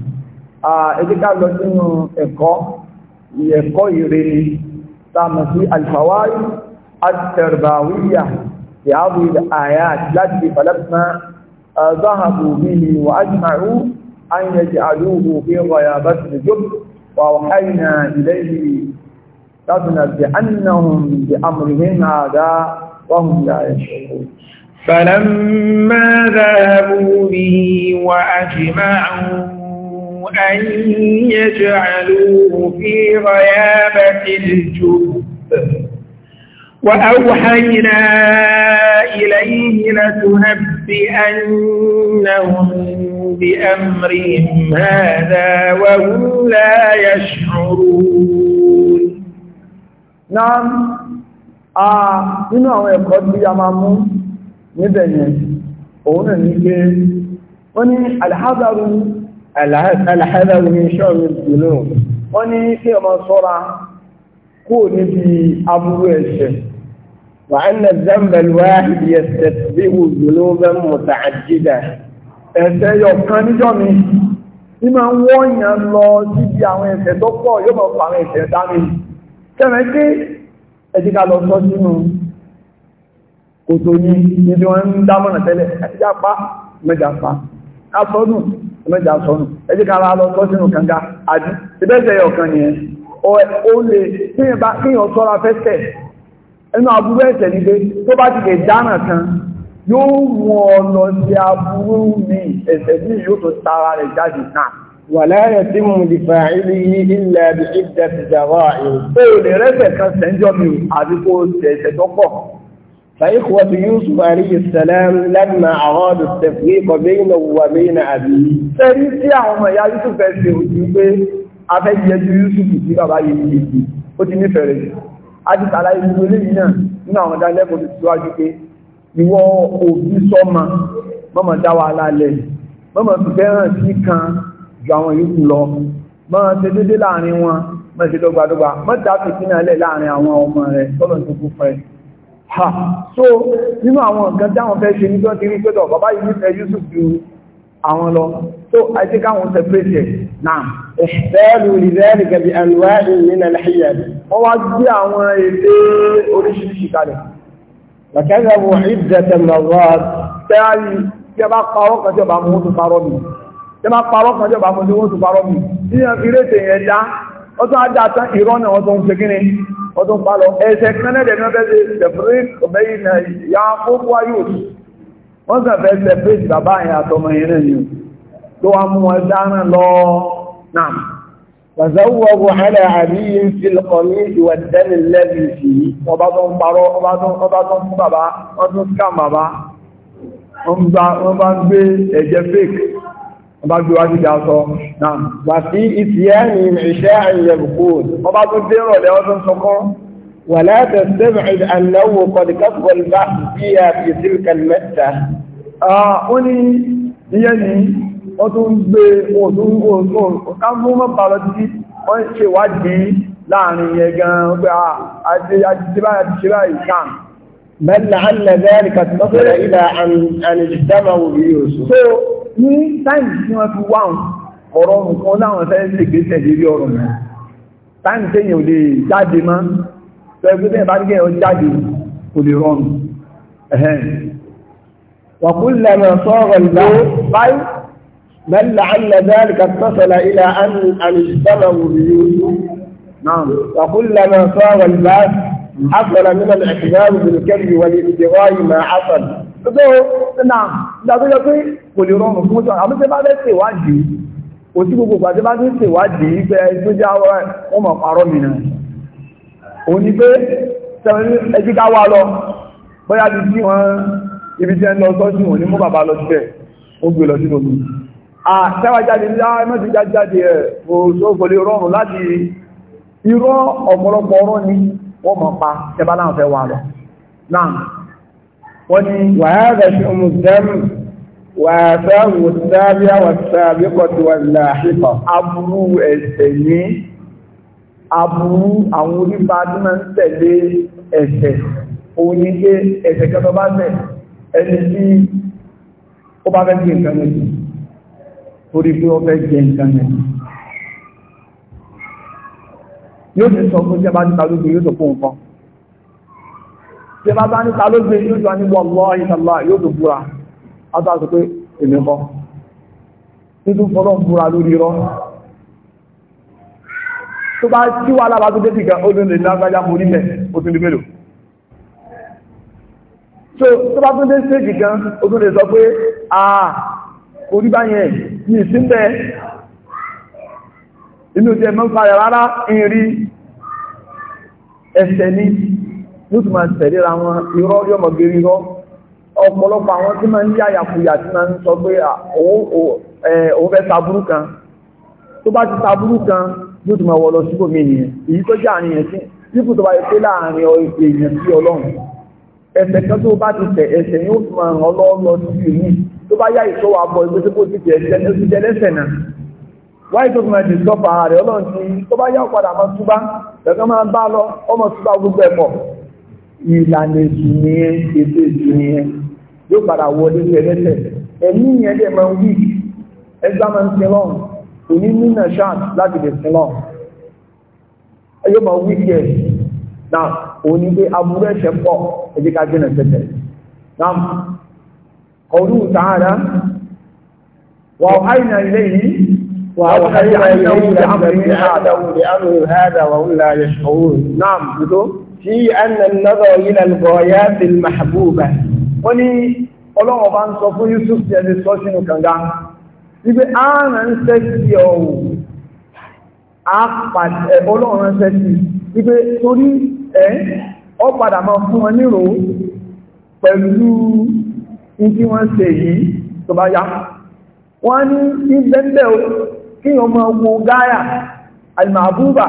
ẹgbẹ́ ká lọ sínú ẹ̀kọ́ ẹ̀kọ́ ìre ni sáàmù sí alfawari àtẹ̀rẹ̀bàwíyà ìhàbù àyà láti falafna zahabu bihi wa ajma'u an yaj'aluhu fi ghayabati al-jub وأوحينا إليه بأنهم بأمرهم هذا وهم لا يشعرون فلما ذهبوا به وأجمعوا أن يجعلوه في غيابة الجب وأوحينا إليه لتنبئنهم بأمرهم هذا وهم لا يشعرون نعم nínú àwọn ẹ̀kọ́ tí a máa mú níbẹ̀ yẹn òun náà ní pé wọ́n ní alhazarun alhazarun ní ṣọ́rin ìlú wọ́n ní kí ọmọ ṣọ́ra kó níbi aburú ẹ̀ṣẹ̀ وأن الذنب الواحد يستتبع ذنوبا متعددة ẹ̀ṣẹ̀ yọ̀kan níjọ́ mi tí máa ń wọ́nyàn lọ síbi àwọn ẹ̀ṣẹ̀ tó pọ̀ yóò máa fa àwọn ẹ̀ṣẹ̀ dání tẹ́rẹ pé ẹ̀díkà lọ sọ sínú kòtò ní ibi wọn ń dámọ̀nà tẹ́lẹ̀ ẹ̀díkà pa mẹ́jà pa asọ́nù mẹ́jà sọ́nù ẹ̀díkà lọ sọ sínú kànga àdí ìbẹ́sẹ̀ yọ̀kan nìyẹn ó lè kíyàn sọ́ra fẹ́sẹ̀ ẹnu aburú ẹ̀sẹ̀ nílé tó bá ti lè dáná kan yóò wọ́n ọ̀nà sí aburú mi ẹ̀sẹ̀ ní yóò tó tara rẹ̀ jáde náà wà láàrẹ̀ tí mo lè fà ilé yìí ilẹ̀ àbí ìjẹ́ ti dàwà èrò pé lè rẹ́sẹ̀ kan sẹ́ńjọ́ mi àbí kó ṣẹ̀ṣẹ̀ tó pọ̀ فإخوة يوسف عليه السلام لما أرادوا التفريق بينه وبين أبيه سيدي يا عمر يا يوسف أسير أبي يوسف في بابا يوسف ó ti nífẹ̀ẹ́ rẹ̀ adìsàlá ìlú eléyìí náà nínú àwọn ìdánilẹ́kọ̀ọ́ ti síwájú pé ìwọ òbí sọ́mà mọ́mọ̀ dá wa lálẹ́ mọ́mọ̀ fi fẹ́ràn sí kan ju àwọn yòókù lọ mọ́ ṣe déédé láàrin wọn mọ́ ṣe dọ́gbadọ́gba mọ́ ta fi sínú ẹlẹ́ láàrin àwọn ọmọ rẹ̀ tọ́lọ̀ tó kú fẹ́ ha so nínú àwọn nǹkan táwọn fẹ́ ṣe nígbọ́n ti rí pé bàbá yìí nífẹ̀ẹ́ Yusuf ju àwọn lọ so i àwọn separate náà احتالوا لذلك بانواع من الحيل ووجه àwọn ète oríṣiríṣi kalẹ̀ وكذبوا عدة مرات tàbí tẹ́ bá parọ́ kan tẹ́ bá mú tó parọ́ mi tẹ́ bá parọ́ kan tẹ́ bá mú tó parọ́ mi ní ìrètè yẹn dá ó tún ajá tán ìrọ́ náà wọ́n tó ń ṣe kíni wọ́n tó ń palọ̀ ẹsẹ̀ kánẹ́dẹ̀ náà bẹ́ẹ̀ ṣẹ̀fẹ́rẹ́ ọ̀bẹ́yìn náà ya fókú ayò wọ́n sàn fẹ́ ṣẹ̀fẹ́rẹ́ bàbá yẹn àtọmọ yẹn náà yìí tó wá mú wọn dáná lọ́ọ́ نعم وزوجوا على علي في القميص والدم الذي فيه وبعضهم برو وبعضهم وبعضهم بابا وبعضهم كم بابا وبعضهم بعض بيجفك وبعض واحد جالسه نعم وفي إتيان عشاء يبكون وبعضهم ديروا لأوزن سكون ولا تستبعد أنه قد كفر البحث فيها في تلك المسة آه أني يعني wọ́n tún gbé òun بل لعل ذلك تصل إلى أن أن اجتمعوا بيوسف. So, ní táìmù tí wọ́n fi wá ọ̀rọ̀ nǹkan láwọn fẹ́ lè gbéṣẹ̀ lérí ọ̀rọ̀ mẹ́. Táìmù téèyàn lè jáde mọ́, sọ ẹgbẹ́ tẹ́yìn bá بل لعل ذلك اتصل إلى أن أن اجتمعوا بيوسف نعم وكلما صار الباس حصل من الإحزان بالكذب والابتغاء ما حصل náà dàbí lọ pé kò lè rọrùn fún ọjọ́ àmì tí bá fẹ́ ṣèwádìí òtí gbogbo pàtí bá ti ṣèwádìí ìfẹ́ tó já wọ́n mọ̀ parọ́ mi náà òun ni pé ẹjí ká wá lọ bóyá ti tí wọ́n ibi tí ẹ lọ sọ́jú òun ni mú bàbá lọ síbẹ̀ ó gbé lọ sínú omi àtẹ́wàjáde láàrín jájáde ẹ̀ òṣò fòlè rọrùn láti irọ́ ọ̀pọ̀lọpọ̀ ọ̀rọ̀ ni wọ́n mọ̀ pa tẹbá láàrín fẹ́ wà lọ náà wọ́n ni wàhálà sí ọmọdémù wà láàrípa ẹni tí ó bá fẹ́ gbé nǹkan lójú torí pé wọ́n fẹ́ jẹ nǹkan yẹn. yóò ti sọ fún jẹba níta lógbe yóò tó fún nǹkan jẹba bá níta lógbe yóò tó ní wọ́lọ́ ìṣàlá yóò tó búra látà sọ pé èmi kọ́ títún fọlọ́ ń búra lórí rọ́ tó bá tí wà lábàá tó débi kan ó lè lè lágbájá mo nílẹ̀ ó tún lè mélòó tó bá tún dé stéèjì kan ó lè sọ pé àà ah, orí bá yẹn ní ìsínbẹ̀ inú jẹ mọ́fà rẹ̀ rárá ìrí ẹsẹ̀ ní ló tún máa tẹ̀léra wọn irọ́ yóò mọ̀ gẹ́rí irọ́ ọ̀pọ̀lọpọ̀ àwọn tí máa ń yá àyàkuyà tí máa ń sọ pé òun fẹ́ taburú kan tó bá ti taburú kan yóò tún máa wọ lọ síbòmí ènìyàn èyí tó jẹ́ àárín sí ipò tó bá yẹ pé láàárín èèyàn sí ọlọ́run ẹsẹ̀ kan tó bá ti tẹ̀ ẹsẹ̀ yóò fi máa ràn lọ́ọ́lọ́ síbi yìí tó bá yá ìṣọ́ wa bọ̀ ìgbésẹ̀ kó ti tẹ̀ ẹsẹ̀ ní ẹlẹ́sẹ̀ náà wáyé tó fi máa dì sọ́fà rẹ̀ ọlọ́run ti tó bá yá ọ̀padà máa túbá ẹ̀kan máa bá lọ ọmọ túbá gbogbo ẹ̀pọ̀ ìlànà ètò nìyẹn ètò ètò nìyẹn yóò padà wọlé ẹlẹ́sẹ̀ ẹ̀mí yẹn dẹ̀ máa wí ẹgbá máa ń sin lọ́n òní nínà ṣáà láti dẹ̀ sin lọ́n yóò máa wí kí ẹ̀ náà òun ni pé aburú ẹ̀ṣẹ̀ pọ̀ ẹjẹ́ ká jẹ́ nàìjíríà náà ọdún tààrà wà áìnà ilé yìí wà áìnà ilé yìí láàrín ọlọ́wọ́ bá ń sọ fún Yusuf jẹ́ ti sọ sínú kànga wípé ààrẹ ń sẹ́sì ọ̀hún ọlọ́run ránṣẹ́ sí wípé torí ẹ́ ọ padà máa fún wọn nírò pẹ̀lú ní tí wọ́n ṣe yìí tó bá yá wọ́n ní ní bẹ́ẹ̀ kí wọ́n máa wo gáyà alìmọ̀búbà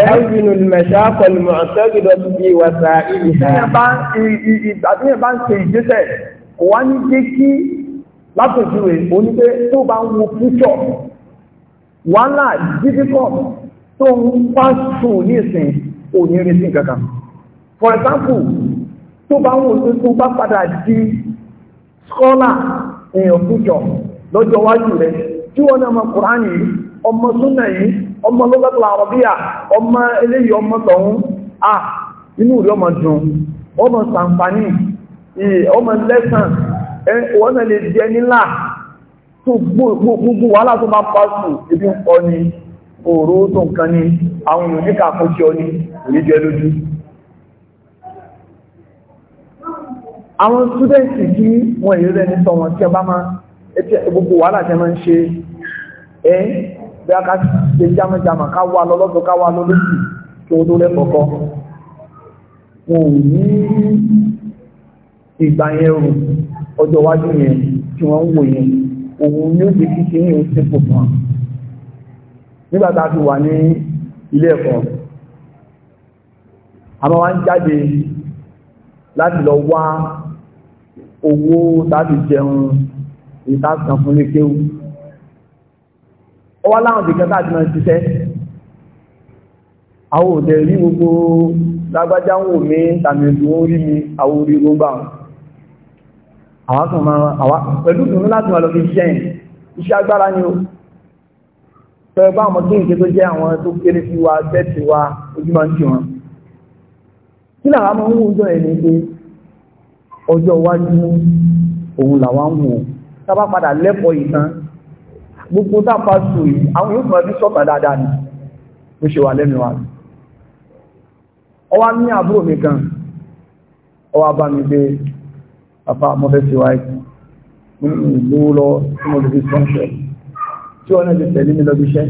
ẹ̀rùn ìmẹ̀ṣàkọ̀ ìmọ̀ọ̀ṣẹ́gìdọ̀ ti wàsà ìlìṣà ìgbàtíyàn bá ń wàhálà difficult tó ń pass through ní ìsìn ò ní for example tó bá ń wò tó tó bá padà di scholar èèyàn fújọ lọ́jọ́ wájú rẹ̀ tí wọ́n náà mọ kùránì ọmọ súnà yìí ọmọ lọ́gbàtàlà àrọ̀bíyà ọmọ eléyìí ọmọ tọ̀hún à inú rí ọmọ dùn ọmọ sàǹfààní ọmọ lẹ́sàn wọ́n lè jẹ nílà tó gbogbo wàhálà tó máa pàṣù ibi ń pọ̀ ní òòró tó nǹkan ní àwọn èèyàn níkà fún ṣe ọ ní oníjẹ lójú àwọn súdẹ́ǹtì tí wọ́n èyí rẹ̀ ní sọ wọn tí ọba máa gbogbo wàhálà tẹ́ máa ń ṣe ẹ́ bí a ká ṣe jámọ́jámà ká wà lọ́lọ́tọ̀ ká wà lọ́lọ́sì tí ó tó lẹ́kọ̀ọ́kọ́ wọn ò ní ìgbà yẹn rò ọjọ́ wájú yẹn tí wọ́n ń wò yẹn òun ni ó ti fi ṣe ní oṣù pò kan nígbà tá a fi wà ní ilé ẹ̀kọ́ àmọ́ wá ń jáde láti lọ wá owó láti jẹun ìtàkùn fún lékéwú ó wá láwọn ìgbẹ́ láti máa ṣiṣẹ́ àwọn òdẹ̀ rí gbogbo lágbájá ń wò mí tàmì ìlú ń rí mi àwọn orí gbogbo àwọn àwọn kan máa àwọn pẹ̀lú ìdùnnú láti wà lórí iṣẹ́ yìí iṣẹ́ agbára ni o pẹ̀lú bá àwọn kíǹkì tó jẹ́ àwọn tó kéré sí wa tẹ́tì wa ojú máa ń tì wọn kí làwọn máa ń wù ọjọ́ ẹ̀ ní pé ọjọ́ iwájú òun làwọn wò tábà padà lẹ́kọ̀ọ́ ìtàn gbogbo tápa sù yìí àwọn yóò fún ẹbí sọ̀tà dáadáa ni bó ṣe wà lẹ́nu wa ọwá ní àbúrò mi kan ọwá bá mi gbé apá mọ́fẹ́síwáìtì nínú ìlú lọ tí mo lè fi sọ́ńṣẹ́ tí wọ́n náà ti tẹ̀lé mi lọ́bí iṣẹ́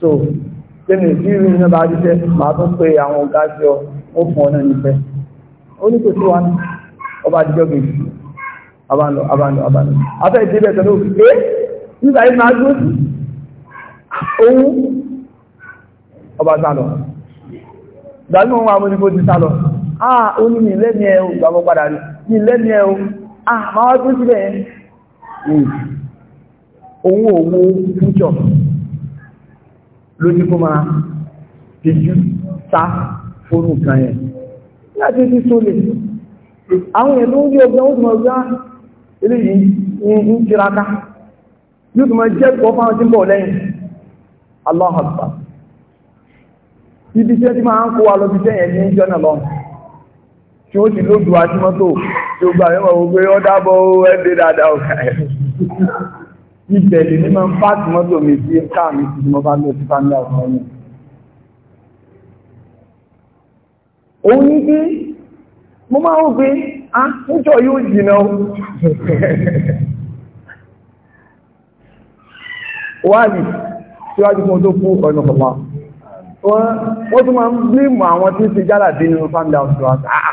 so tẹ́mi tí rí iná bá jíṣẹ́ máa tún pé àwọn ọ̀gá sí ọ ó fún ọ náà nífẹ̀ ó ní kò sí wa ọba àdìjọ́ gbèsè abánú abánú abánú afẹ́ ìdíbẹ̀ tó ló pé nígbà yìí máa dúró sí ọba sálọ ìgbà tí wọ́n wà mọ́ ní kó ti sálọ ah Onye ní mi lẹ́ni ẹ̀ ògbà padà rí mi lẹ́ni ah máa wá tún síbẹ̀ òun òwò fújọ lójú kó máa tẹjú sá fóònù kan yẹn láti ti tó lè àwọn èèyàn tó ń gbé ọgbẹ́ ó sì máa gbá eléyìí ń tiraka yóò tó máa jẹ́ fáwọn tí ń bọ̀ lẹ́yìn ibi tí ti máa ń kó wa lọ tí ó ti lójú àti mọ́tò tí ó gbà mẹ́wàá wọ́n pé ó dábọ̀ ẹ́dẹ́ dáadáa ọ̀gá ẹ̀ ibẹ̀ lè ní máa ń pàtì mọ́tò mi sí káà mi ti mọ́ bá lọ sí fáńdà ọ̀sán mi òun ní pé mo máa ń pé a ah, níjọ yóò jìnà wáàlì síwájú kan tó kú ọ̀nà pọ̀pọ̀ wọ́n tún máa ń blame àwọn tí ń ṣe jálàdé nínú ọ̀sán àà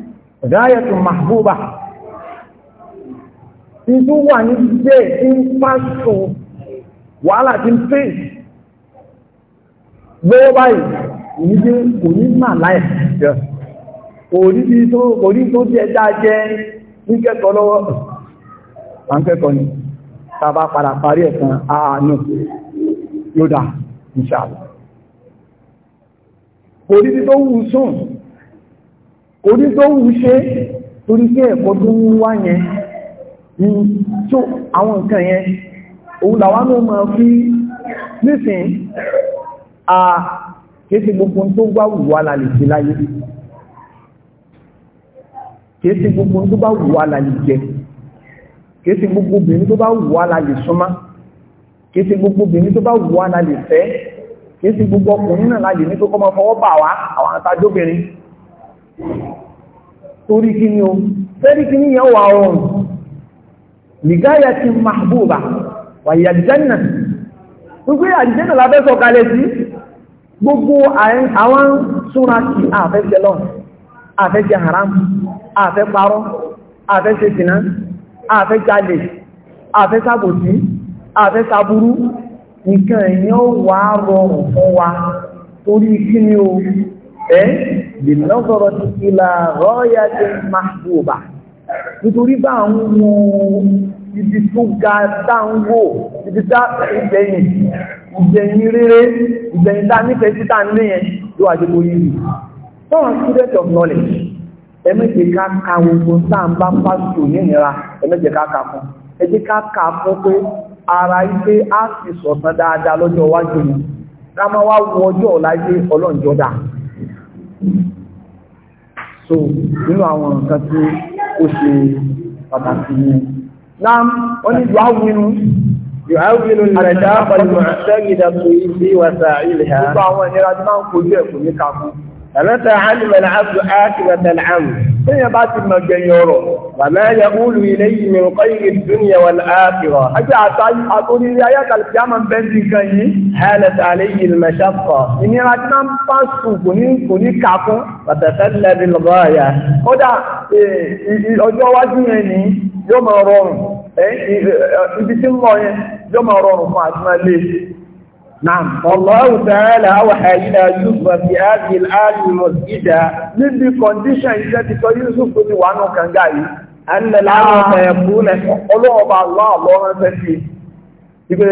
gáyẹ̀tù mahbuba ìtú wà ní jẹ́ tí ń pàṣọ wàhálà tí ń pè lọ́wọ́ báyìí ní jẹ́ onímà láì jẹ́ orí tó jẹ́ dájẹ́ ní kẹ́kọ̀ọ́ lọ́wọ́ à ń kẹ́kọ̀ọ́ ni tàbá padà parí ẹ̀kan àánú yóò dá inshallah orí tó wù sùn orí tó wù ṣe torí kí ẹ̀kọ́ tó ń wá yẹn tó àwọn nǹkan yẹn òun làwọn náà máa fi nísìn à kéèsì gbogbo tó bá wù wá la lè fi láyé kéèsì gbogbo tó bá wù wá la lè jẹ kéèsì gbogbo obìnrin tó bá wù wá la lè kéèsì gbogbo obìnrin tó bá wù wá la fẹ́ kéèsì gbogbo ọkùnrin náà la lè ní kókó máa fọwọ́ bà wá àwọn àtàjọ́bìnrin torí kí ni o torí kí ni yẹn wà ọrùn nìgáyà ti mahbuba wàyí àdìjánà wípé àdìjánà la fẹ́ sọ kalẹ̀ sí gbogbo àwọn súnra sí àfẹ́sẹ̀ lọ àfẹ́sẹ̀ haram àfẹ́ parọ́ àfẹ́sẹ̀ sinà àfẹ́ jalè àfẹ́ sàbòsí àfẹ́ sàbúrú nìkan èèyàn wà rọrùn fún wa torí kí ni o ẹ́ بالنظرة إلى غاية محبوبة nítorí bá ń wo ibi tó ga tá ń wò ibi tá ìgbẹ̀yìn ìgbẹ̀yìn rere ìgbẹ̀yìn tá nífẹ̀ẹ́ sí tá ń lé ló wà dégbò yìí fọ́n student of knowledge ẹ̀mẹ́jẹ̀ ká ka gbogbo tá ń bá pásítọ̀ nínira ẹ̀mẹ́jẹ̀ ká ka fún ẹ̀jẹ̀ ká ka fún pé ara ife á sì sọ̀tàn dáadáa lọ́jọ́ iwájú ni ká máa wá wọ ọjọ́ ọ̀la ilé ọlọ́njọ́dá so nínú àwọn nǹkan tí ó ṣe pàtàkì ni náà wọ́n ní ìwà wínú yàwùnú lẹ́dá pẹ̀lú ṣẹ́gidà tó ìdí wàtà ilẹ̀ ha. Gbogbo àwọn ìnira tí máa ń kojú ẹ̀kọ́ ní kakú. Tàbẹ́tà Hánìmẹ̀lá Abdul Akíwẹ̀tẹ̀lẹ̀ Àmì. Bẹ́ẹ̀ bá ti mọ̀ gbẹ̀yìn ọ̀rọ̀, wàmẹ́ yẹ kúlù ilé yìí mi nǹkan yìí dùn yẹ wọn láàbì wọn. àti àtòrí ayáka kìámà bẹ́ẹ̀ di nǹkan yìí hẹ́lẹ̀ tà lè yí mẹ́ṣẹ́ kọ̀. ìnira tí wọ́n bá sùn kò ní kò ní kà fún pàtàkì lẹ́bi lọ́gọ́ ẹ̀yà. kódà ọjọ́ iwájú yẹn ni yóò máa rọrùn ibi tí ń lọ yẹn yóò máa rọrùn fún àtúnálé. نعم والله تعالى أوحى إلى يوسف في هذه الآل المسجدة من الكونديشن التي يوسف في وانو كان جاي ẹnlẹ̀ láàrín ọmọ ẹ̀kú nẹ̀ ọlọ́ọ̀bà aláàlọ́rán sẹ́sì wípé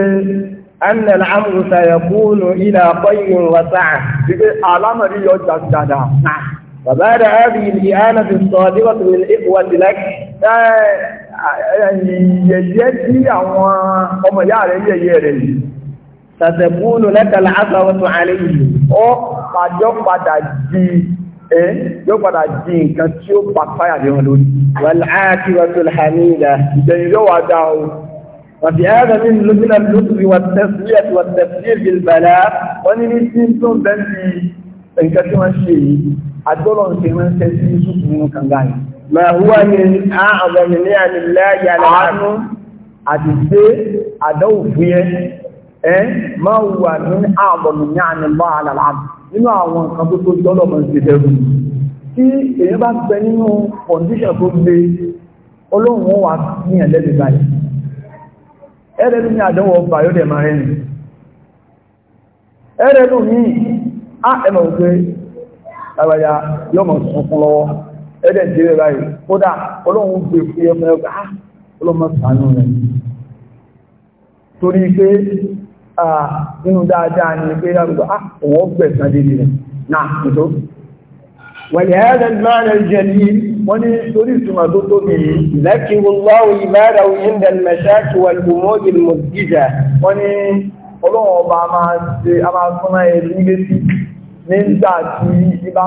ẹnlẹ̀ láàrín ọmọ ẹ̀kú nù ilẹ̀ àpọ́yìn wàsáà wípé alámọ̀rí yọ jàdàdà bàbáyàdà ẹ̀rí ilẹ̀ ẹ̀nà ti sọ díkọ̀tù ìwà tìlẹ̀ yẹ̀yẹ́ tí àwọn ọmọ ìyá rẹ̀ yẹ̀yẹ́ rẹ̀ yìí sàtẹ̀kú nù lẹ́kàlà àtàwọn tó àlẹ́ yìí ó pàjọ́ padà di ẹ́ yóò padà di nǹkan tí ó pa fáyà lé wọn lórí. wàlá àti wàtò hàmìlà ìgbẹ̀yìn yóò wá dá o. wàtí ẹ̀rọ mi ló bí náà ló fi wàtí tẹ̀sílẹ̀ àti wàtí tẹ̀sílẹ̀ bìlbàlá wọ́n ní ní tí tó ń bẹ́ ti nǹkan tí wọ́n ṣe yìí àgbọ̀rọ̀ ń ṣe ránṣẹ́ sí yusuf nínú kànga yìí. mà ní àwọn ènìyàn nínú àwọn nǹkan tó tó jọ́lọ̀ mọ̀ sí ẹ̀rù tí èyí bá gbẹ nínú kọ̀ǹdíṣàn tó gbé olóhùn wà ní ẹ̀lẹ́dẹ̀ báyìí ẹ̀rẹ́dù ní àdánwò ọba yóò dẹ̀ máa ẹ̀rẹ́dù ní á ẹ̀mọ̀ pé àgbàyà yóò mọ̀ lọ́wọ́ ẹ̀dẹ̀ báyìí kódà olóhùn gbé fúyẹ́ Ah, nínú dáadáa ní pé lágbà àwọ̀ ah, gbẹ̀sán dédé rẹ̀ náà tó wẹ̀lẹ̀ ẹ̀rẹ̀ mẹ́rẹ̀ jẹ̀lì wọ́n ní torí ìtumọ̀ tó tóbi ìlẹ́kìwòláwò ìbára òyìnbẹ̀ mẹ́ṣáàkì wà lùmọ́dì mọ̀gíjà wọ́n ní ọlọ́wọ́ ọba a máa súnmọ́ ẹ̀rù ilé sí nígbà tí ibá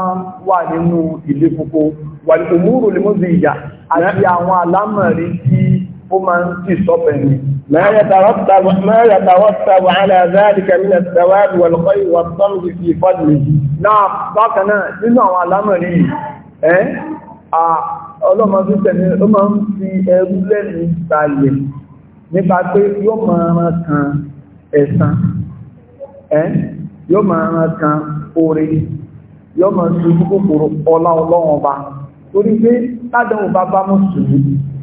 ó máa ń tì sọ́pẹ̀ ni. ما يترتب ما يترتب على ذلك من الثواب والخير والطلب في فضله نعم bákan náà nínú àwọn àlámọ̀rí eh ah ọlọ́mọ fi tẹ̀lé ó máa ń fi ẹrú lẹ́nu balẹ̀ nípa pé yóò máa ran kan ẹ̀san ẹ́ yóò máa ran kan oore yóò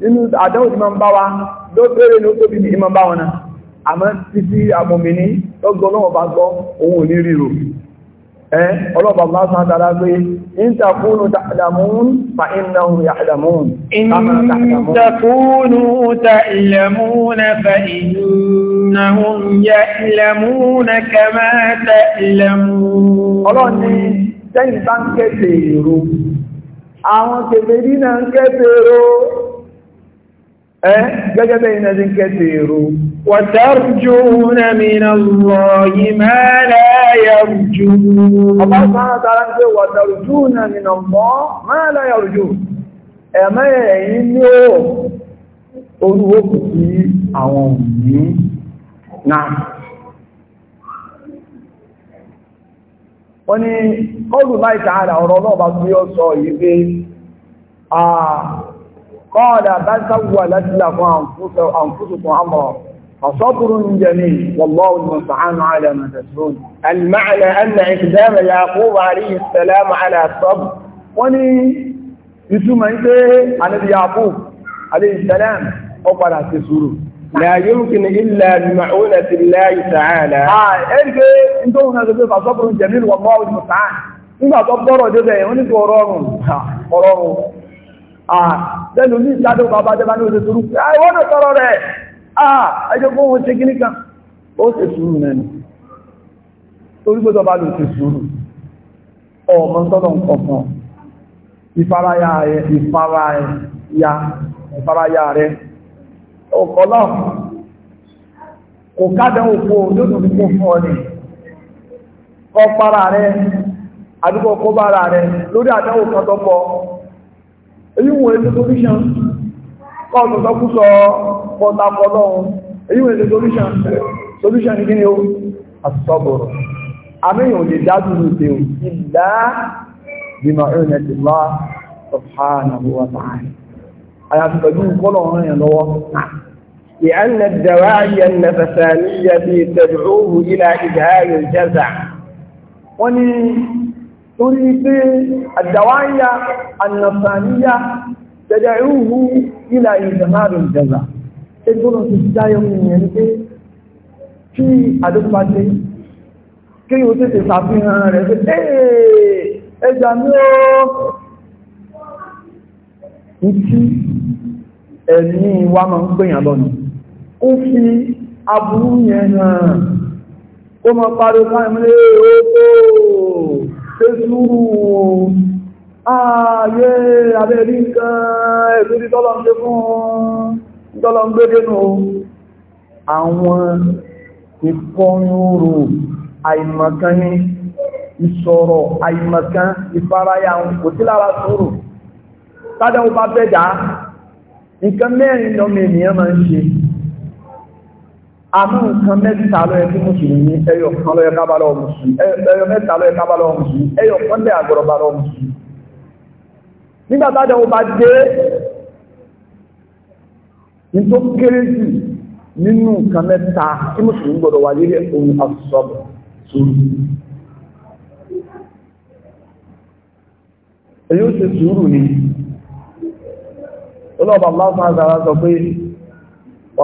nínú àdánwò tí máa ń bá wa ló bèèrè ní ó tóbi ní ìmọ̀ bá wọn náà àmọ́ títí àmọ̀mìní lọ́gbọ́ ọlọ́wọ́ bá gbọ́ òun ò ní ríro ẹ́ ọlọ́pàá bá sán dára pé ìntàkúnù tààdàmún fa ìnáhùn yàdàmún yàdàmún kama tààlàmún ọlọ́ni tẹ́yìn bá ń Eh, gẹ́gẹ́ bẹ́ iná nke kẹsì ìrò na mìíràn lọ yìí mẹ́rẹ̀ yàrùjú ọba sára tààrà pé na mìíràn lọ mẹ́rẹ̀ yàrùjú ẹ̀mẹ́ ẹ̀yìn ní ó orúwó kù sí àwọn òní náà wọ́n ni kọlù ọ̀rọ̀ ọlọ́ọ̀bá kọ́ọ̀dà bá sáwà láti làkọ́ àǹfúsùkùn àmọ́ فصبر جميل والله المستعان على ما تسرون المعنى أن إقدام يعقوب عليه السلام على الصبر وني يسمى عن يعقوب عليه السلام أقرأ تسرون لا يمكن إلا بمعونة الله تعالى آه إيه انتو هنا فصبر جميل والله المستعان nígbà tó bọ́rọ̀ jẹ́ bẹ̀yẹ̀ wọ́n ní kò rọrùn Ah, lẹ́nu ní ìsádọ́ bàbá jẹba ní oṣù túrú ah, wọ́n tọrọ rẹ̀ ah, ẹjọ́ kó ṣe gíníkà ó ṣe sùúrù nẹnu torí gbọ́dọ̀ ṣe sùúrù ọmọ tọ́lọ̀ kọ̀kan ìfaraya rẹ̀ ìfaraya kò kádẹ òkú lónìí fún ọ kọ́ para rẹ̀ àdúgbò kó bára rẹ̀ lórí èyí wọ́n èdè solution kọ́ọ̀tọ̀tọ̀ kú sọ pọ̀tàpọ̀lọ́ èyí wọ́n èdè solution solution ní kíni o àtọ́bọ̀rọ̀ àmìyàn lè dájúrú tẹ o ìdá bímọ̀ ìrìnàtì lọ subhanahu wa ta'ala àyàfi pẹ̀lú kọ́lọ̀ ọ̀rọ̀ yẹn lọ́wọ́ لأن الدواعي النفسانية تدعوه إلى إظهار الجزع وني torí pé àdáwáyà ànàfàníyà tẹ̀dẹ̀ ìhù ilà ìdàmárùn jẹza ẹgbọ́nà ti dáyọ ìyẹn pé kí àdúgbàdé kí yíò tètè sàfihàn rẹ̀ pé ẹgbà mí ó ìtí ẹ̀mí wa yẹn náà ó máa parí káàmì lé ó sùúrù ààyè abẹ́rí nǹkan ẹ̀lúrí tọ́lọ ń gbé fún tọ́lọ ń gbé dénú àwọn ìkọrùn-ún àìmọ̀kan ní ìṣọ̀rọ̀ àìmọ̀kan ìfaraya kò sí lára sùúrù tádẹ́ àmọ́ nǹkan mẹ́ta lọ́yẹ tí mùsùlùmí ẹyọ kan lọ́yẹ kábàlọ́ mùsùlùmí ẹyọ mẹ́ta lọ́yẹ kábàlọ́ mùsùlùmí ẹyọ kan lẹ́ àgbọ̀rọ̀bàlọ́ mùsùlùmí nígbà tájọ ọba dé ní tó kéré jù nínú nǹkan mẹ́ta tí mùsùlùmí gbọ́dọ̀ wà lérí ohun àṣọ̀bọ̀ sùúrù èyí ó ṣe sùúrù ni ọlọ́ọ̀bà máa ń fa sọ pé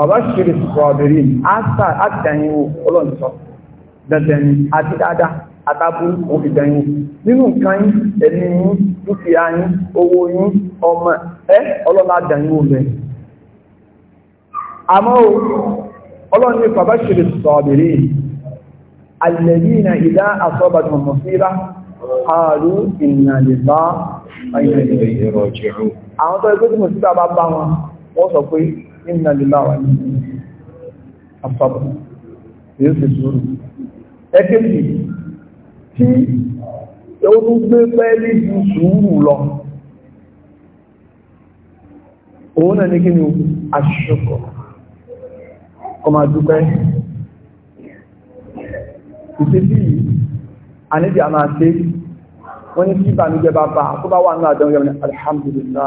ọ̀rọ̀ ṣírí sọ̀bìrì áṣà àtìdẹ̀yìnwó ọlọ́nìṣọ́ dẹ̀dẹ̀yìn àti dáadáa àtàbù òfìdẹ̀yìn nínú nǹkan yín ẹ̀mí yín dúkìá yín owó yín ọmọ ẹ ọlọ́ládẹ̀yìnwó rẹ̀ àmọ́ ọlọ́ni bàbá ṣírí sọ̀bìrì alẹ́bíìnà ìdá àwọn tó ẹgbẹ́ tí mo sí bàbá bá wọn wọ́n sọ pé inna lillahi wa inna ilayhi àpapọ̀ yóò fi sùúrù. ẹ̀kẹ́jì tí ó tún gbé pẹ́ẹ́lí ju sùúrù lọ òun náà ní kí ni aṣọ́kọ̀ ọmọ àdúgbẹ́ ìtẹ́sí yìí a níbi àmà àti wọ́n ní kí ìbànújẹ́ bá bá tó bá wà ní àdánwò yẹn alhamdulillah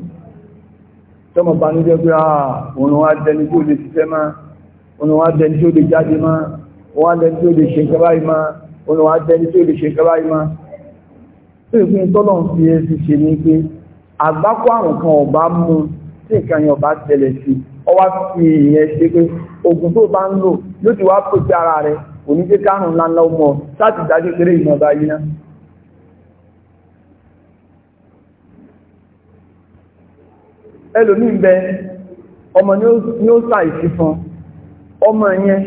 tọ́mọ̀ bá ní jẹ́ pé àà ah, òun wá dẹni tí ó lè ṣiṣẹ́ máa òun wá dẹni tí ó lè jáde máa òun wá dẹni tí ó lè ṣe nǹkan báyìí máa òun wá dẹni tí ó lè ṣe nǹkan báyìí máa tó ìpín tọ́lọ̀ ń fi ẹsì ṣe ní pé àgbákò àrùn kan ọ̀bá mú tí nǹkan yẹn ọ̀bá tẹ̀lẹ̀ sí ọ wá fi ìyẹn ṣe pé oògùn tó bá ń lò yóò ti wá pèsè ara rẹ̀ kò jẹ́ kárùn-ún ńláńlá ọmọ láti dájú kéré ìmọ̀ báyìí náà ẹlòmí ń bẹ ọmọ ni ó ṣàìsí fún ọmọ yẹn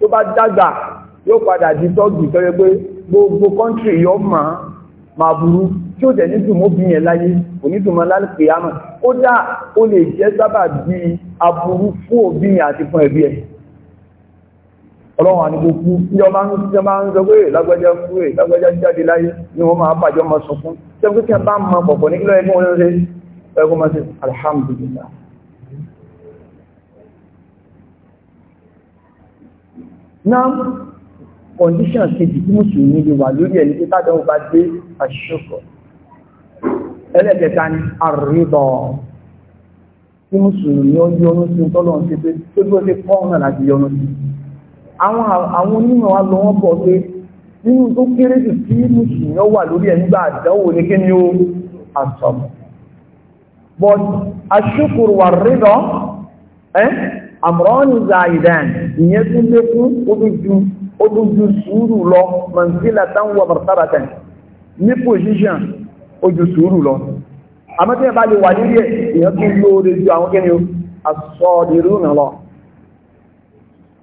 tó bá dàgbà yóò padà di tọ́gì tọ́rẹ pé gbogbo kọ́ntì yọ máa máa burú tí ó tẹ̀ ní tùmọ́ bí yẹn láyé onítùmọ́ lálùpé àmà ó dá ó lè jẹ́ sábà bí aburú fún òbí yẹn àti fún ẹbí ẹ̀ ọlọ́run àníkókú tí ọmọ ń tí ọmọ ń sọ pé lágbẹ́jẹ́ fúrè lágbẹ́jẹ́ jáde láyé ni wọ́n máa bàjọ́ mọ́ sọ fún tẹ́gbẹ́kẹ́ bá mọ́ pọ̀pọ̀ ní kílọ̀ ẹgbẹ́ wọn lọ́rẹ́ ẹgbọ́n máa ṣe alhamdulillah náà condition kejì tí mùsùlùmí lè wà lórí ẹni tí tádọ́wọ́ bá dé àṣíṣọ́kọ̀ ẹlẹ́kẹta ni àrídọ̀ tí mùsùlùmí ó yọnu sí tọ́lọ̀ ṣe pé tó bí ó ṣe kọ́ ọ̀nà láti yọnu sí àwọn onímọ̀ wa lọ wọ́n bọ̀ pé nínú tó kéré jù tí mùsùlùmí ó wà lórí ẹni gbà àdánwò ní kí ni ó àsọ̀mọ̀ but ashukur wa ridọ ẹ́ eh, àmọ́rọ́nì zaidan ìyẹn tún lékún ó tún ju sùúrù lọ mọ̀nsílá táwọn wàbàtàràtà ní pòṣíṣàn ó ju sùúrù lọ àmọ́tí ẹ̀bá lè wà nírí ẹ̀ èyàn tún lóore ju àwọn kẹ́ni asọ́ọ̀dẹ̀rú nà lọ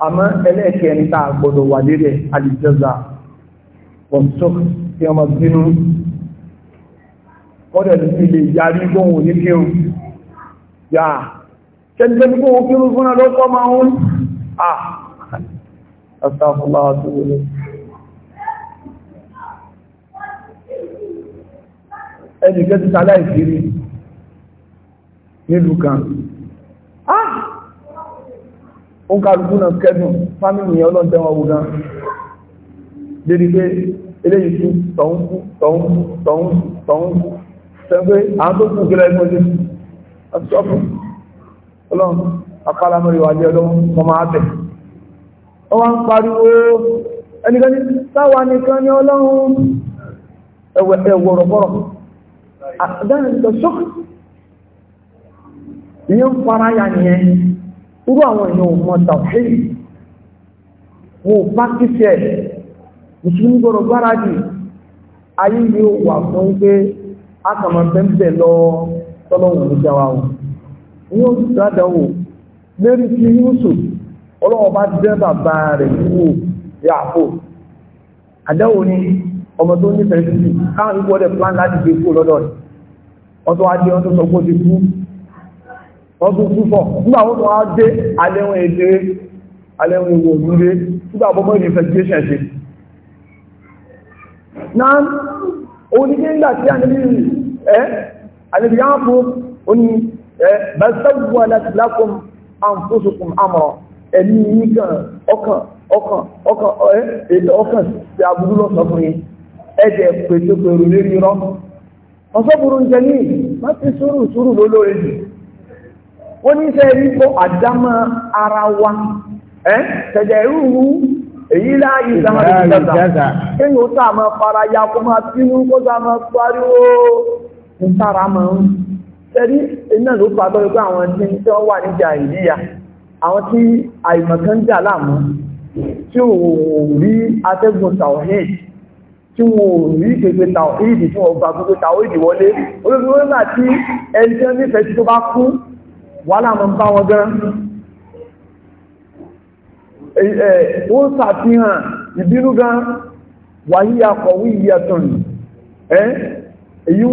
àmọ́ ẹlẹ́ẹ̀kẹ́ni tá a gbọ́dọ̀ wà nírí ẹ̀ alìjẹ́zà pọ̀ntọ́k tí wọ́n kọ́dẹ̀ ló fi lè yarí gbóhùn ní kírùn yà kẹ́lẹ́ tí kóhùn kírùn fún ọ lọ́kọ́ máa ń à astaghfirullah ẹnìkẹ́ ti sàlá ìsírí nílùú kan ah ó ń kàrùkú náà kẹ́dùn fámìlì ọlọ́ntẹ́wọ̀n wù náà dédé pé eléyìí kú tọ̀hún kú tọ̀hún kú tọ̀hún sẹ́gbẹ́ àwọn tó kún kílẹ̀ ẹgbẹ́ ojúṣù ọ̀ṣọ́fún ọlọ́run akálámọ́rí wà jẹ́ ọlọ́run mọ́ máa bẹ̀ ọ wá ń pariwo ẹnìkan ní táwa nìkan ní ọlọ́run ẹwẹ̀ ẹwọ̀rọ̀bọ̀rọ̀ ìyẹn ń fara ya nìyẹn akàmọ̀ pẹ́ńpẹ́ lọ tọ́lọ́wọ̀n ló jáwá wọn yóò dáadáa wò lérí ti Yusuf ọlọ́wọ́ bá dẹ́ bàbá rẹ̀ wò yàpò àdáwò ni ọmọ tó ní fẹ̀rẹ̀ sí káwọn ikú ọdẹ plan láti gbé kú lọ́dọ̀ rẹ̀ wọ́n tó wá dé wọ́n tó sọ pé ó ti kú wọ́n tó kú fọ̀ nígbà wọ́n tó wá dé alẹ́wọ̀n èdè alẹ́wọ̀n ìwò òmìnire nígbà bọ́mọ́ ìrìn fẹ̀sítéṣẹ̀ onígbé ńgbà tí a níbi rí ẹ́ onye yá fún oní ẹ́ bẹ́sẹ̀wò aláṣìlákùn àǹfóṣùkùn àmọ̀ ẹ̀mí nìkan ọkàn ọkàn ọkàn ẹ́ ètò ọkàn sí aburú lọ sọkùnrin ẹ̀jẹ̀ pètè pèrò lérí rọ ọ̀sọ́bùrú ń jẹ ní má ti sùúrù sùúrù lólórí jù wọ́n ní sẹ́yìn èyí láàyè ìdáhàrìjẹ́ta kéyìn ó tàà máa fara ya kó máa bínú kó tàà máa pariwo ń tààrà máa ń tẹ́rí iná ló pàtó pé àwọn tí tí wọ́n wà níjà ìdíyà àwọn tí àìmọ̀kan jà láàmú tí ò rí atẹ́gùn tawhid tí wọ́n ò rí pèpè tawhid tí wọ́n gba gbogbo tawhid wọlé olóògbé wọn náà tí ẹni tí wọ́n nífẹ̀ẹ́ tí tó bá kú wàhálà máa ń bá wọn gan wọ́n sàfihàn ìbínú gan wàyí akọ̀wé èyí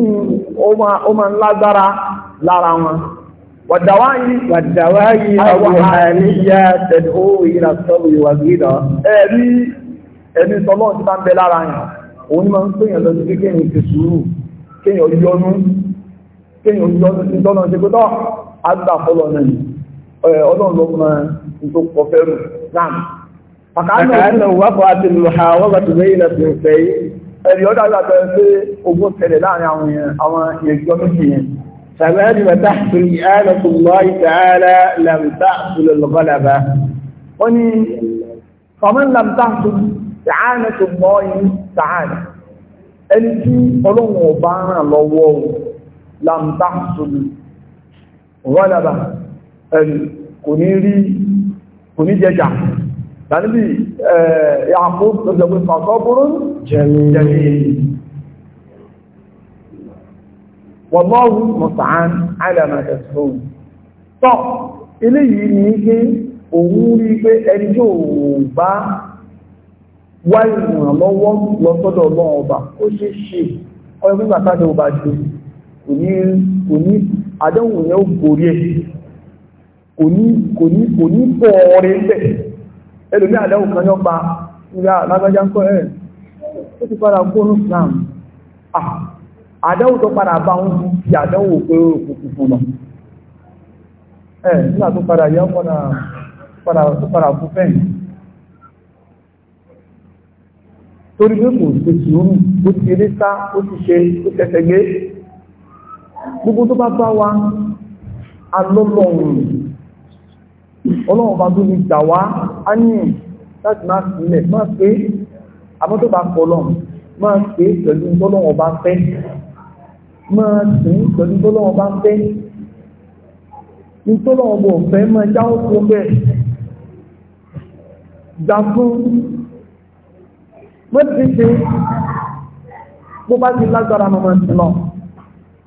o ma ń lágbára lára wọn wàdàwáyí wàdàwáyí àwòhàníyà tẹ̀lú ìrà sọ́rọ̀ ìwà ẹ̀rí ẹni ti bá ń bẹ lára yàn òun ni ma ń pèyàn lọ sí ti sùúrù yọnu yọnu tọ́nà ṣe pé tọ́ àgbà fọlọ́ náà ọlọ́run ló mọ nítorí kọ fẹ́rù náà. Àkàánà òun wákọ̀ àti lùhà wọ́n bá ti lẹ́yìn lẹ́sìn ìfẹ́ yìí. Ẹ̀rí ọ̀dà àgbàtọ̀ pé ogun tẹ̀lẹ̀ láàrin àwọn èèyàn àwọn ìjọ méjì yẹn. Sàbẹ́ẹ̀dì bàtà fún ìyáàlọ́ tó lọ ní Fọ̀mọ́ làmìtà fún ìyáàlọ́ Ẹni tí ọlọ́run ọba ràn lọ́wọ́ ẹ̀rì kò ní rí kò ní jẹjà lánìbí ẹ̀yàkó lọ́gbẹ̀gbẹ̀ fàṣọ́bùrú jẹ̀mí wọ́lọ́rù mọ̀sàn alẹ́mọ̀tẹ̀sùn tọ́ ilé yìí ní pé òun rí pé ẹni tí ò bá wá ìrànlọ́wọ́ lọ́sọ́dọ̀ ọlọ́run ọba ó ṣe ṣe ọyọ́ fún ìgbà kò ní àdéhùn yẹn ó gorí ẹ̀ kò ní kò ní kò ní bọ̀ ọ̀rẹ́ ń bẹ̀ ẹlòmí àdáwò kan yọ pa ìyá lágbájá ń kọ́ ẹ̀ ó ti padà kó ní Islam àdáwò tó padà bá ń fi àdáwò pé òkùnkùn lọ ẹ̀ nígbà tó padà yọ padà padà tó padà kú fẹ́yìn torí pé kò ṣe sùúrù ó ti eré sá gbogbo tó bá bá wa alọ́lọ́run ọlọ́run bá tó ní gbà wá á ní láti máa sílẹ̀ máa pé abọ́tọ́bà kọlọ́m máa pé pẹ̀lú tọ́lọ́wọ́n bá fẹ́ máa sìn pẹ̀lú tọ́lọ́wọ́n bá fẹ́ ní tọ́lọ́wọ́n bò fẹ́ máa jáwọ́ fún bẹ́ẹ̀ gbà fún mọ́tí ṣe bó bá ti lágbára mọ́mọ́ náà.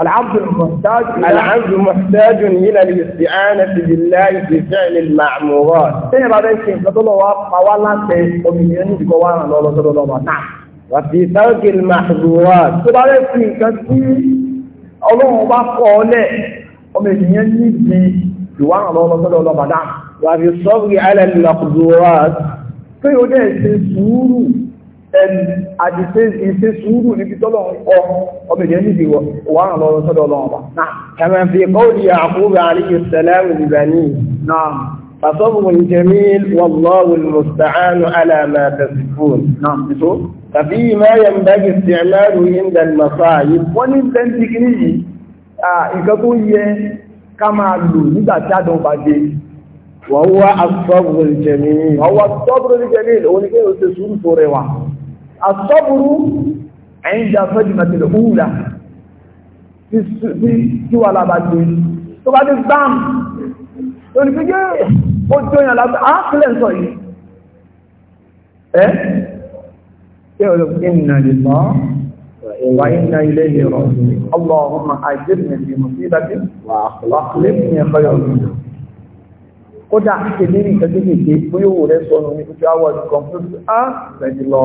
العبد المحتاج العبد محتاج إلى الاستعانة بالله في فعل المعمورات. تاني بعدين شيء بدل وقوالا تأمين جوانا لولا تلولا نعم. وفي ترك المحظورات. تبعدين شيء كثير الله ما قاله أمين يجي جوانا لولا ما نعم. وفي الصبر على المقدورات. في وجه السورة ẹni àdìsẹ́ ìṣe sùúrù níbi tọ́lọ̀ ọ níbi wà ń lọ sọ́dọ̀ ọlọ́run ọba. kama fi qawli Yaqub alayhi salam náà فصبر جميل والله نعم ففيما ينبغي استعماله عند المصائب وللتنتكري nǹkan tó yẹ ká máa lò nígbà tí àdán bá dé wọ́n wá asọ́bùrù jẹ̀mí wọ́n wá asọ́bùrù jẹ̀mí òun ni pé o ṣe sùúrù tó rẹwà asọ́bùrú ẹ̀yìnjà fẹ́jì mẹ́tẹ̀lẹ̀ òwúrà tí wà lábàgbé tó bá dé gbám olùfíjẹ́ ó tó yàn lábàgbé á kílẹ̀ sọ yìí ẹ́ tí ó lọ kí nà lè mọ́ wà iná ilé ìrọ̀ ọlọ́ọ̀rọ̀mà àìjẹ́bìnrin mùsílẹ̀ wà àkọlọ́kùnrin kódà ìṣèlérí ìkẹ́kẹ́ kéèké bóyá òwò rẹ̀ sọnù ní ojú àwọn lọ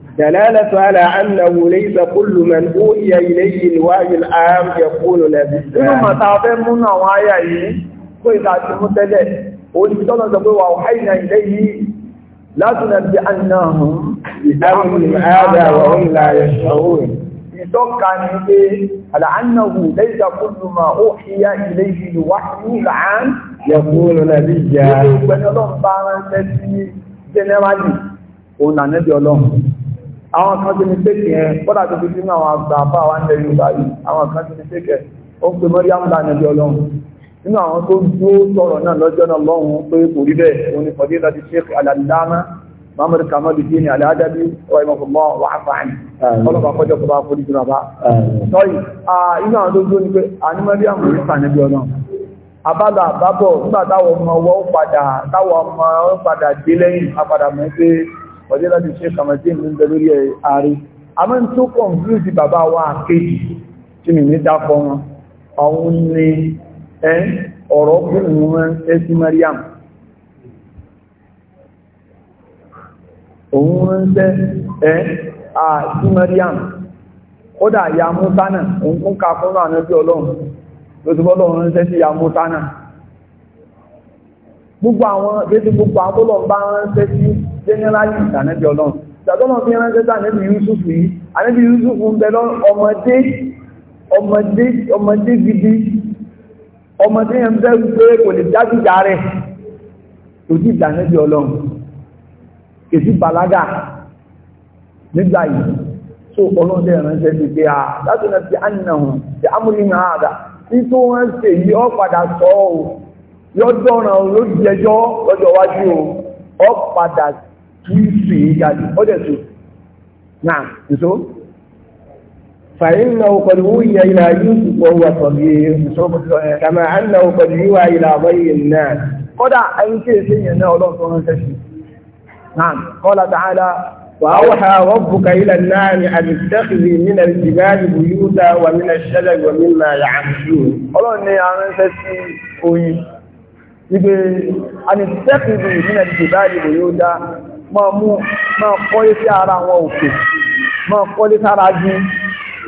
دلالة على أنه ليس كل من أوحي إليه الوحي العام يكون نبيا. nínú màtá fẹ́ múnú àwọn àyà yìí kó ìta ti mú tẹ́lẹ̀ olùsọ́nà sọ pé wà ó hàì náà ilé yìí látùnà bí anáhùn ìdáhùn ààrẹ àwọn ìlàyẹ̀ ṣọ̀rọ̀ ìtọ́ka ni pé àlàánáhùn lẹ́yìn àkójù mà ó hìyà ilé ìlú wá ní ìlàán yẹ̀kún nàbí ìjà. ìgbésẹ̀ ọlọ́run bá ránṣẹ́ sí jẹ́nẹ́rálì òun là àwọn kan ti ní pèkè yẹn kódà tó fi sínú àwọn àgbà àbá wa ń lẹ́yìn yìí àwọn kan ti ní pèkè ó ń pe mọ́ríyàmù lánàbí ọlọ́run nínú àwọn tó dúó sọ̀rọ̀ náà lọ́jọ́ náà lọ́hùn pé kò rí bẹ́ẹ̀ òun ni láti ṣe kamadu ọlọ́pàá àkọ́jọ́ kọba jùlọ bá inú àwọn tó ọjọ́ láti ṣe kàmàtín ní ìbẹ̀ lórí ààrí àmọ́ tó kọ̀nfúrúsì bàbá wa kéjì tí mi ní dákọ̀ wọn àwọn ní ẹ́ ọ̀rọ̀ fún ìwọ̀n ẹsí Mariam òun ránṣẹ́ ẹ́ àti Mariam ó dà ya mú tánà sí ya mú gbogbo àwọn létí gbogbo àwọn tó lọ bá ránṣẹ́ sí jẹ́nẹ́rálì ìtànẹ́bí ọlọ́run ìtàtọ́nà fi ránṣẹ́ sí ànẹ́bí Yúsùfù yìí ànẹ́bí Yúsùfù ń bẹ lọ ọmọdé ọmọdé ọmọdé gidi ọmọdé yẹn bẹ́ pé kò lè dájújà rẹ̀ tó ti ìtànẹ́bí ọlọ́run kèsì bàlágà nígbà yìí tó ọlọ́run dẹ̀ ránṣẹ́ pé a látọ̀nà ti ànìyàn ti amúlìmọ̀ àdá tí tó wọ́n ṣe yí ọ́ padà sọ yọjọ́ ọ̀ràn olóòjẹjọ́ lọ́jọ́ iwájú o ọ padà kí sì í jáde ó dẹ̀ tó náà nìṣó fàyín náà kọlu wú yẹ ilà yóò sì pọ̀ wà sọ̀bí nìṣó kàmà án náà kọlu yí wà ilà àbáyé náà kọ́dà ayé tí èsì yẹn náà ọlọ́run tó ránṣẹ́ sí náà kọ́lá ta'ala وأوحى ربك إلى النعم أن اتخذي من الجبال بيوتا ومن الشجر ومما يعمشون. قالوا إني أنا سيدي ìgbé anìtẹ́kìrì nílẹ̀ ìdìbà ìbò yóò dá máa kọ́lé sí ara wọn òkè máa kọ́lé sára jí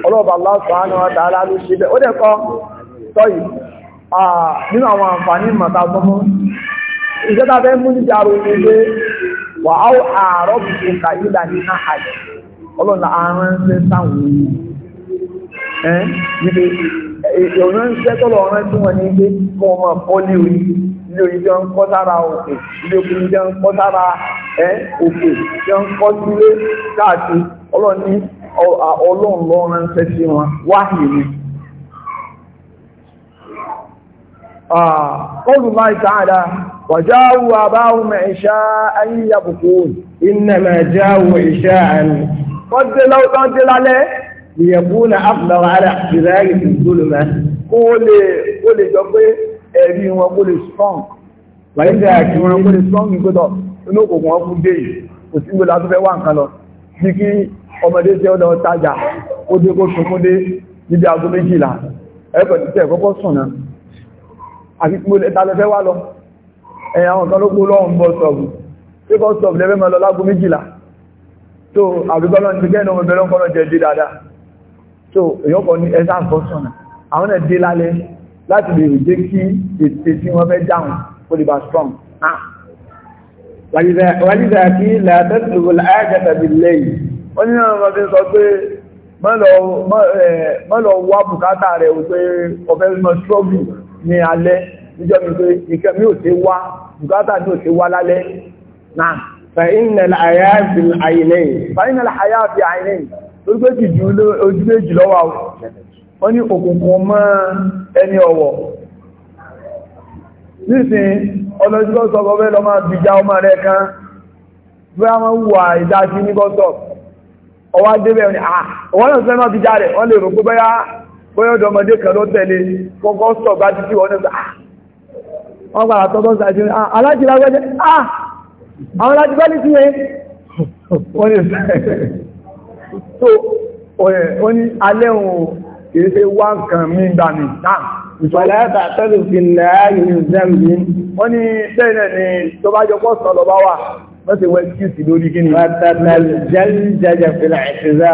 ọlọ́ọ̀bà Allah subhanahu wa ta'ala ló ṣe bẹ́ ó dẹ́kọ́ nínú àwọn màtà ìjọba fẹ́ mú wà àárọ̀ tọ́lọ̀ tí wọ́n ní kọ́ ọmọ orí ilé oyin jẹ́ ń kọ́ sára òkè ilé okùnrin jẹ́ ń kọ́ sára ẹ́ òkè jẹ́ ń kọ́ sílé káàkiri ọlọ́run ní ọlọ́run lọ ránṣẹ́ sí wọn wáhìí ni. قول الله تعالى وجاءوا أباهم عشاء يبكون إنما جاءوا عشاء قد لو قد عليه ليكون أفضل على احتذار في الظلمة قول قول جبه ẹ̀rí wọn kó lè strong láyé àti wọn kó lè strong ìgbótọ̀ inú òkùnkùn wọn fún dé yìí kò sí gbogbo láti fẹ́ wà nǹkan lọ bí kí ọmọdé tí ó lọ tajà ó dé kó sunkún dé níbi aago méjìlá ẹ̀kọ́ ti tẹ̀ kọ́kọ́ sùn náà àti kí ta lọ fẹ́ wà lọ ẹ̀yà àwọn kan ló kó lọ́wọ́n bọ́ sọ̀bù tí kọ́ sọ̀bù lẹ́fẹ́ mọ́ lọ lágo méjìlá so àbíkọ́lọ́ ti gẹ́ ọmọ ìbẹ̀rẹ̀ ọkọ̀ lọ jẹ́ dé dáadáa so èyàn kọ́ ní ẹ̀sà àkọ́sùn àwọn ẹ̀dẹ́ lálẹ́ láti lè jẹ́ kí ètè tí wọ́n fẹ́ dáhùn ó lè bá strong. Ah. wàlídà kí làtẹ́sìlò àyàjẹta bí lẹ́yìn ó ní ọmọ fi sọ pé mọ́lọ̀ wá bùkátà rẹ̀ pé ọ̀fẹ́ mọ́ strọ́gù ní alẹ́ níjọ́ mi pé ìkẹ́ mi ò ṣe wá bùkátà mi ò ṣe wá lálẹ́ náà fàínàlá àyà fi àyìnlẹ́yìn torí pé kìjú ojú méjì lọ́wọ́ ó ní òkùnkùn mọ́ ẹni ọ̀wọ̀ nísìn ọlọ́jọ́ sọ́kọ́ fẹ́ lọ máa bìjá ọmọ rẹ̀ kan bí a máa wà ìdájí ní gọ́sọ̀p ọwá débẹ̀ ní àwọn ah, náà fẹ́ máa bìjá rẹ̀ wọ́n lè rò pé bẹ́yà bóyọ́dọ̀ ọmọdé kan ló tẹ̀lé kọ́kọ́ sọ bá ti kí wọ́n náà ah. wọ́n gbàrà tọ́tọ́ sàájú alájílágbẹ́jẹ́ kìí ṣe wá nǹkan mí gbà ní náà ìṣọ̀lá ẹ̀ta tẹ́lù fi lẹ́yìn ìzẹ́mì wọ́n ní tẹ́lẹ̀ ni tó bá jọ pọ́sọ̀ lọ bá wà mẹ́sẹ̀ wẹ́ kí sì lórí kí ni jẹ́jẹ́ fìlà ìṣẹ́zà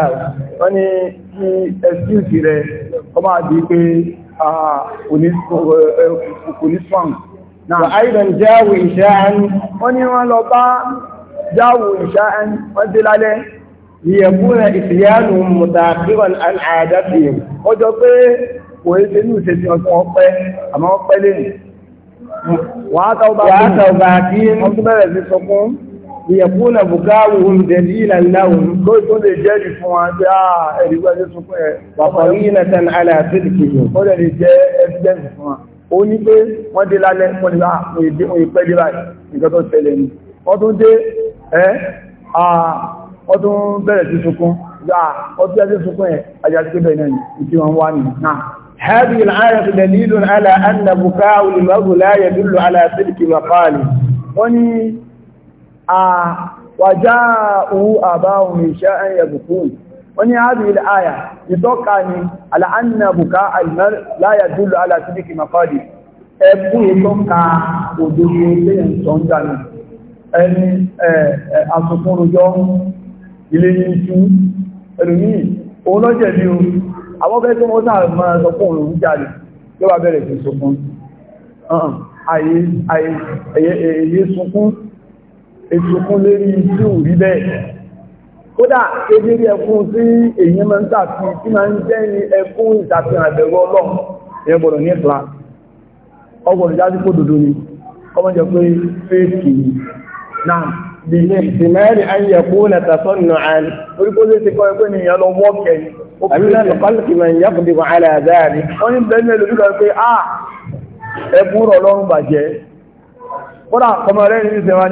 wọ́n ní kí ẹ̀sìsì rẹ̀ ọ máa di pé oníswọ̀n náà àìdàn jáwò ìṣẹ́ liyẹ̀kúnrẹ̀ ìfìyànù mùtàkìrọ̀n àdáfihàn ó jọ pé kò é ṣe ní ìṣẹ́sí ọdún ọpẹ́ àmọ́ ọpẹ́ lẹ́nu wàátàọba kí ọdún bẹ̀rẹ̀ sí sọkún liyẹ̀kúnrẹ̀ bukáwùhùn dẹ̀lìlà láwùn lóì tó lè jẹ́ ìfún wa pé àà ah, ẹ̀rígbẹ́ sí sọkún ẹ̀ wàkọ̀rí ìnàtàn àlàáfíìkì wọ́n tún bẹ̀rẹ̀ sí sunkún yáà ọdún ẹjẹ́ sunkún ẹ̀ ajásíkébẹ̀ náà ìtí wọn wá ní náà هذه الآية دليل على أن بكاء المرء لا يدل على صدق مقاله وني وجاءوا أباهم من شاء يبكون وني هذه الآية يتوقعني على أن بكاء المرء لا يدل على صدق مقاله ẹkún ìtọ́ka òdòdó ilé ìtọ́ndà ní ẹni àsùnkún rojọ́ ilé yìí tú ẹlòmíì òun lọ́jẹ̀ bí o àwọ́bẹ́ tó wọ́n sáà máa sọ fún òun jáde tó bá bẹ̀rẹ̀ sí sunkún àyè sunkún èsùnkún lérí tí ò rí bẹ́ẹ̀ kódà ebírí ẹkún tí èyí máa ń tàfi tí máa ń jẹ́ ní ẹkún ìtàfihàn àbẹ̀rọ ọlọ́run ìyẹn gbọ́dọ̀ ní ìpla ọgbọ̀dọ̀ jáde kó dòdò ni ọmọ jẹ́ bìmẹ́rì ayé kúnà tàṣọ́nù àn orúkọ ló ti kọ́ ẹgbẹ́ nìyàn lọ wọ́kẹ̀ àbílẹ̀ lọ́kọ́lùkì mẹ́ yàkùdì wà aláàdáàrí wọ́n ní bẹ́ẹ̀ mẹ́lú lórí pé à ẹbúrọ̀ lọ́rùn bàjẹ́ kọ́nà ọmọ rẹ̀ ní ìṣẹ́wà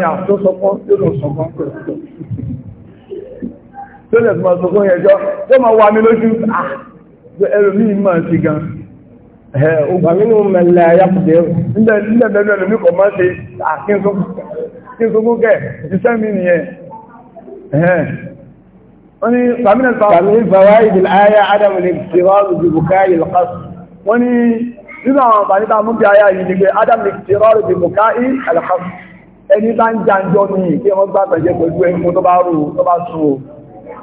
ma kí n sogún kẹ́ ìṣiṣẹ́ mi nìyẹn wọ́n ní kàmínà fàwọ́ ìdìl ayá adamu ní tìrọ́rù bí bukáyì lọ́kọ́sù wọ́n ní nínú àwọn àǹfààní tá mú bí ayá yìí ni pé adamu ní tìrọ́rù bí bukáyì lọ́kọ́sù ẹni bá ń jàǹjọ́ ní kí wọ́n gbà pẹ̀jẹ́ pẹ̀lú ẹkùn tó bá rú tó bá sùn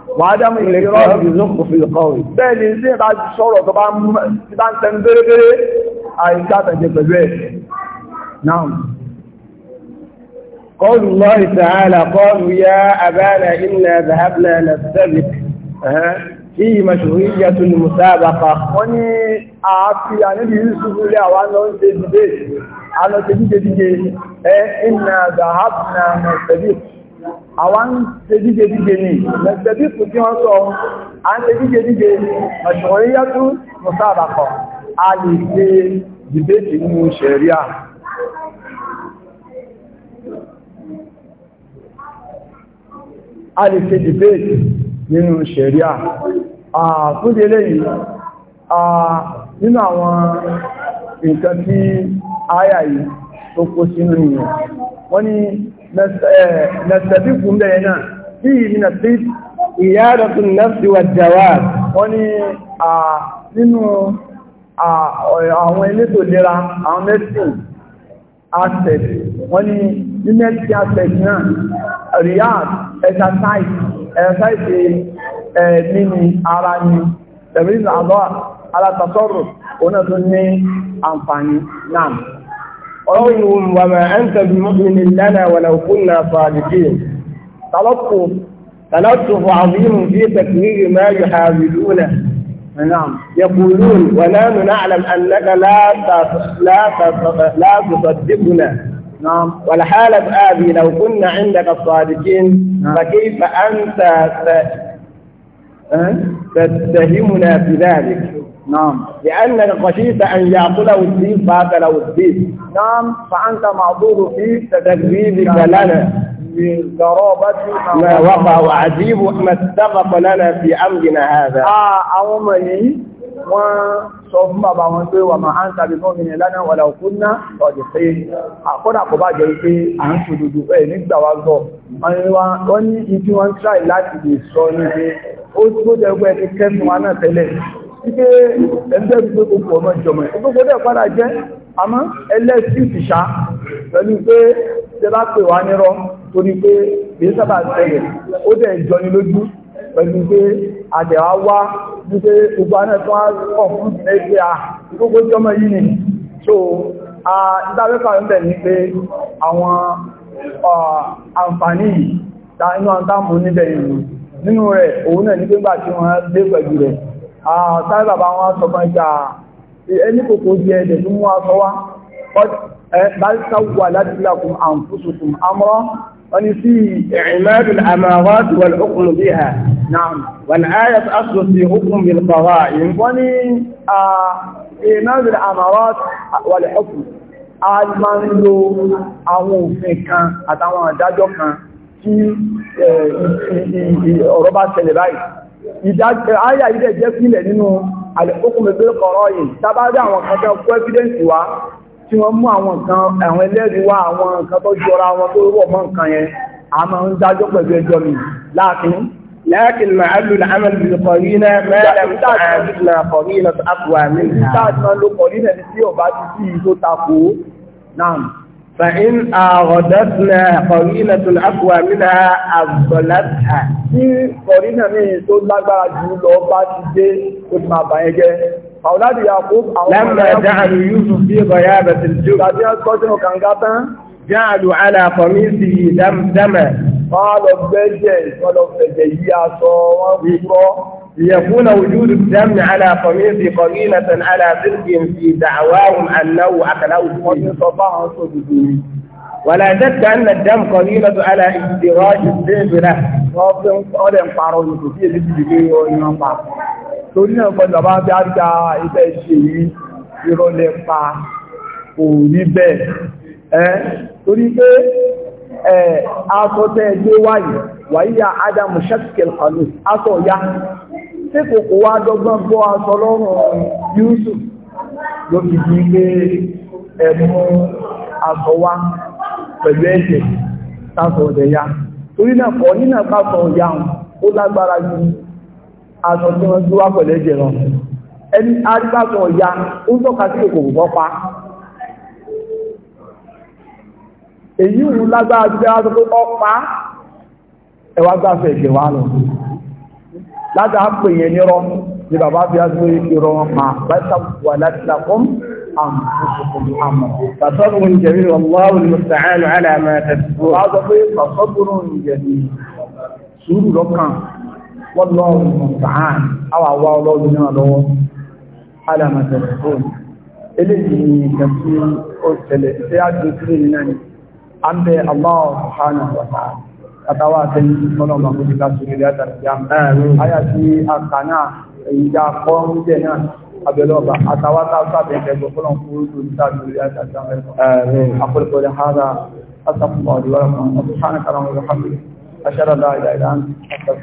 o wà á dámú ilẹ̀ ìrọ́rùn ìzókò fi ìkọ̀wé bẹ́ẹ̀ ni قول الله تعالى قالوا يا أبانا إنا ذهبنا نستبق في مشروعية المسابقة wọ́n ní àáfi àníbi Yusuf lé àwọn lọ ń ṣe dìde àlọ́ ṣe díje díje ẹ إنا ذهبنا نستبق àwọn ṣe díje díje ní نستبق tí wọ́n sọ à ń ṣe díje díje مشروعية المسابقة a lè ṣe dìbéètì nínú ṣẹ̀ríà a lè ṣe dìbéètì nínú ṣẹ̀ríà fúdí eléyìí nínú àwọn nǹkan tí àyà yìí tó kó sínú ìyẹn wọ́n ni nẹ́sẹ̀bí fún bẹ̀rẹ̀ náà tí ìrìnà sí ìyádọ̀tún nẹ́sì wà jẹ́wà wọ́n ni nínú àwọn elétò lera àwọn mẹ́sìn ní next aspect náà rehab exercise exercise ẹ̀mí ni ara ni tẹ̀bílì àlọ́ alátàtọ́rọ̀ òun tó ní àǹfààní náà ọlọ́run wà máa ń tẹ̀bí mọ́bìnì lẹ́nà wàlẹ̀kún náà fàájì تلطف عظيم في تكرير ما يحاولونه نعم يقولون ونحن نعلم انك لا لا تصدقنا نعم والحالة هذه لو كنا عندك الصادقين نعم. فكيف أنت تتهمنا بذلك نعم لأنك خشيت أن الدين الذئب فأكله الدين نعم فأنت معذور في تكذيبك نعم. لنا بالقرابة ما وقع وعجيب ما اتفق لنا في أمرنا هذا آه أو مني wọ́n sọ fún bàbá wọn pé wà máa ń tàbí fún mìíràn lánàá wà láòkú ná ọ̀dẹ̀ pé àkọ́dà kò bá jẹ́ pé à ń sòdòdó ẹ̀ nígbà wá gbọ́ wọ́n ní ibi wọ́n tíráì láti lè sọ níbi ó tó jẹ́ pé ẹni kẹ́sùn wa náà tẹ́lẹ̀ wípé ẹgbẹ́ gbogbo gbogbo ọmọ ìjọmọ̀ ẹ̀ gbogbo dẹ̀ padà jẹ́ àmọ́ ẹlẹ́sì ìṣá pẹ̀lú pé ṣe bá pè wá nírọ́ torí pé kì í sábà tẹ̀lẹ̀ ó dẹ̀ jọni pẹ̀lú pé àdẹ̀wà wá ní pé gbogbo aná tó wá kọ̀ fún ẹgbẹ́ à gbogbo jọmọ yìí ni so ìdáwẹ́kọ̀ ń bẹ̀ ní pé àwọn àǹfààní yìí ta inú àǹtàmù níbẹ̀ ìlú nínú rẹ̀ òun náà ní pé gbà tí wọ́n dé pẹ̀lú rẹ̀ sáré bàbá wọn sọ fún ìjà ẹni kòkó jẹ ẹ̀dẹ̀ tó mú wa sọ wá bá sáwà láti ونسي إعمال الأمارات والحكم بها نعم والآية أصل في حكم القرائن وني إعمال الأمارات والحكم a máa ń lo àwọn òfin kan àtàwọn àdájọ́ kan tí ọ̀rọ̀ bá ṣẹlẹ̀ báyìí àyà ilẹ̀ jẹ́ sílẹ̀ nínú àlẹ́kùnkùn mẹ́fẹ́ kọ̀rọ̀ yìí tàbí àwọn kan tẹ́ kọ́ evidence wá tí wọ́n mú àwọn nǹkan àwọn ẹlẹ́rìí wá àwọn nǹkan tó jọra wọn tó rọ̀ mọ́ nǹkan yẹn a máa ń dájọ́ pẹ̀lú ẹjọ́ mi láàfin لكن محل العمل بالقرينة ما لم تعرفنا قرينة أقوى منها. نعم. فإن أغدتنا قرينة أقوى منها أبطلتها. في قرينة من تقول لك بقى جولو بقى تجي كنت ما بقى فأولاد يعقوب لما جعلوا يوسف في غيابة الجب جعلوا على قميصه دم دما قالوا بجي قالوا بجي يا صواب ليكون وجود الدم على قميص قليلة على ذلك في دعواهم أنه أكله ولا شك أن الدم قليلة على ادراج الذئب له torí náà gbọ́dọ̀ bá bí ájá ibẹ̀ ṣe yìí ìrọlẹ̀ pa kò ní bẹ́ẹ̀ ẹ́ torí pé ẹ̀ asọ́tẹ́ gbé wáyé wáyíyà adamu shakil alu asọ ya tí kò kò wá dọ́gbọ́n bọ́ asọ lọ́rùn Yusuf ló fi di pé ẹ̀mú asọ wa pẹ̀lú ẹ̀jẹ̀ sásọ̀ ọ̀dẹ̀ ya torí náà kọ́ nínà sásọ̀ ọ̀yà ó lágbára yìí aṣọ tí wọ́n gbé wá pẹ̀lẹ́ jẹ lọ ẹni arígbàsọ ọ̀ya ó ń tọ́ka sí kòkòrò kọ́ pa èyí wù lágbára ti dára sọ pé ọ̀pá ẹwà gbàfẹ́ ìgbẹ̀ wá lọ láti àpò yẹn nírọ́ ni bàbá fi á sí irọ́ wọn pa bàtà wà láti làkún àmì àmọ̀ jẹ̀mí wàláwù ní mùsàánù alàmà wọ́n lọ́wọ́ mọ̀tàn àwọn àwa ọlọ́run náà lọ́wọ́ alàmọ̀tẹ̀lẹ̀ fún eléyìí nǹkan tí ó tẹ̀lẹ̀ tí a jù sílẹ̀ nínú ni a ń bẹ Allah subhanahu wa ta'ala àtàwọn àtẹ̀yìn sọ́nà màkúti láti rí látàrí àyà tí a kà náà èyí dá kọ́ ń jẹ náà abẹ́lọ́ba àtàwọn àtàwọn àtẹ̀yìn sọ́nà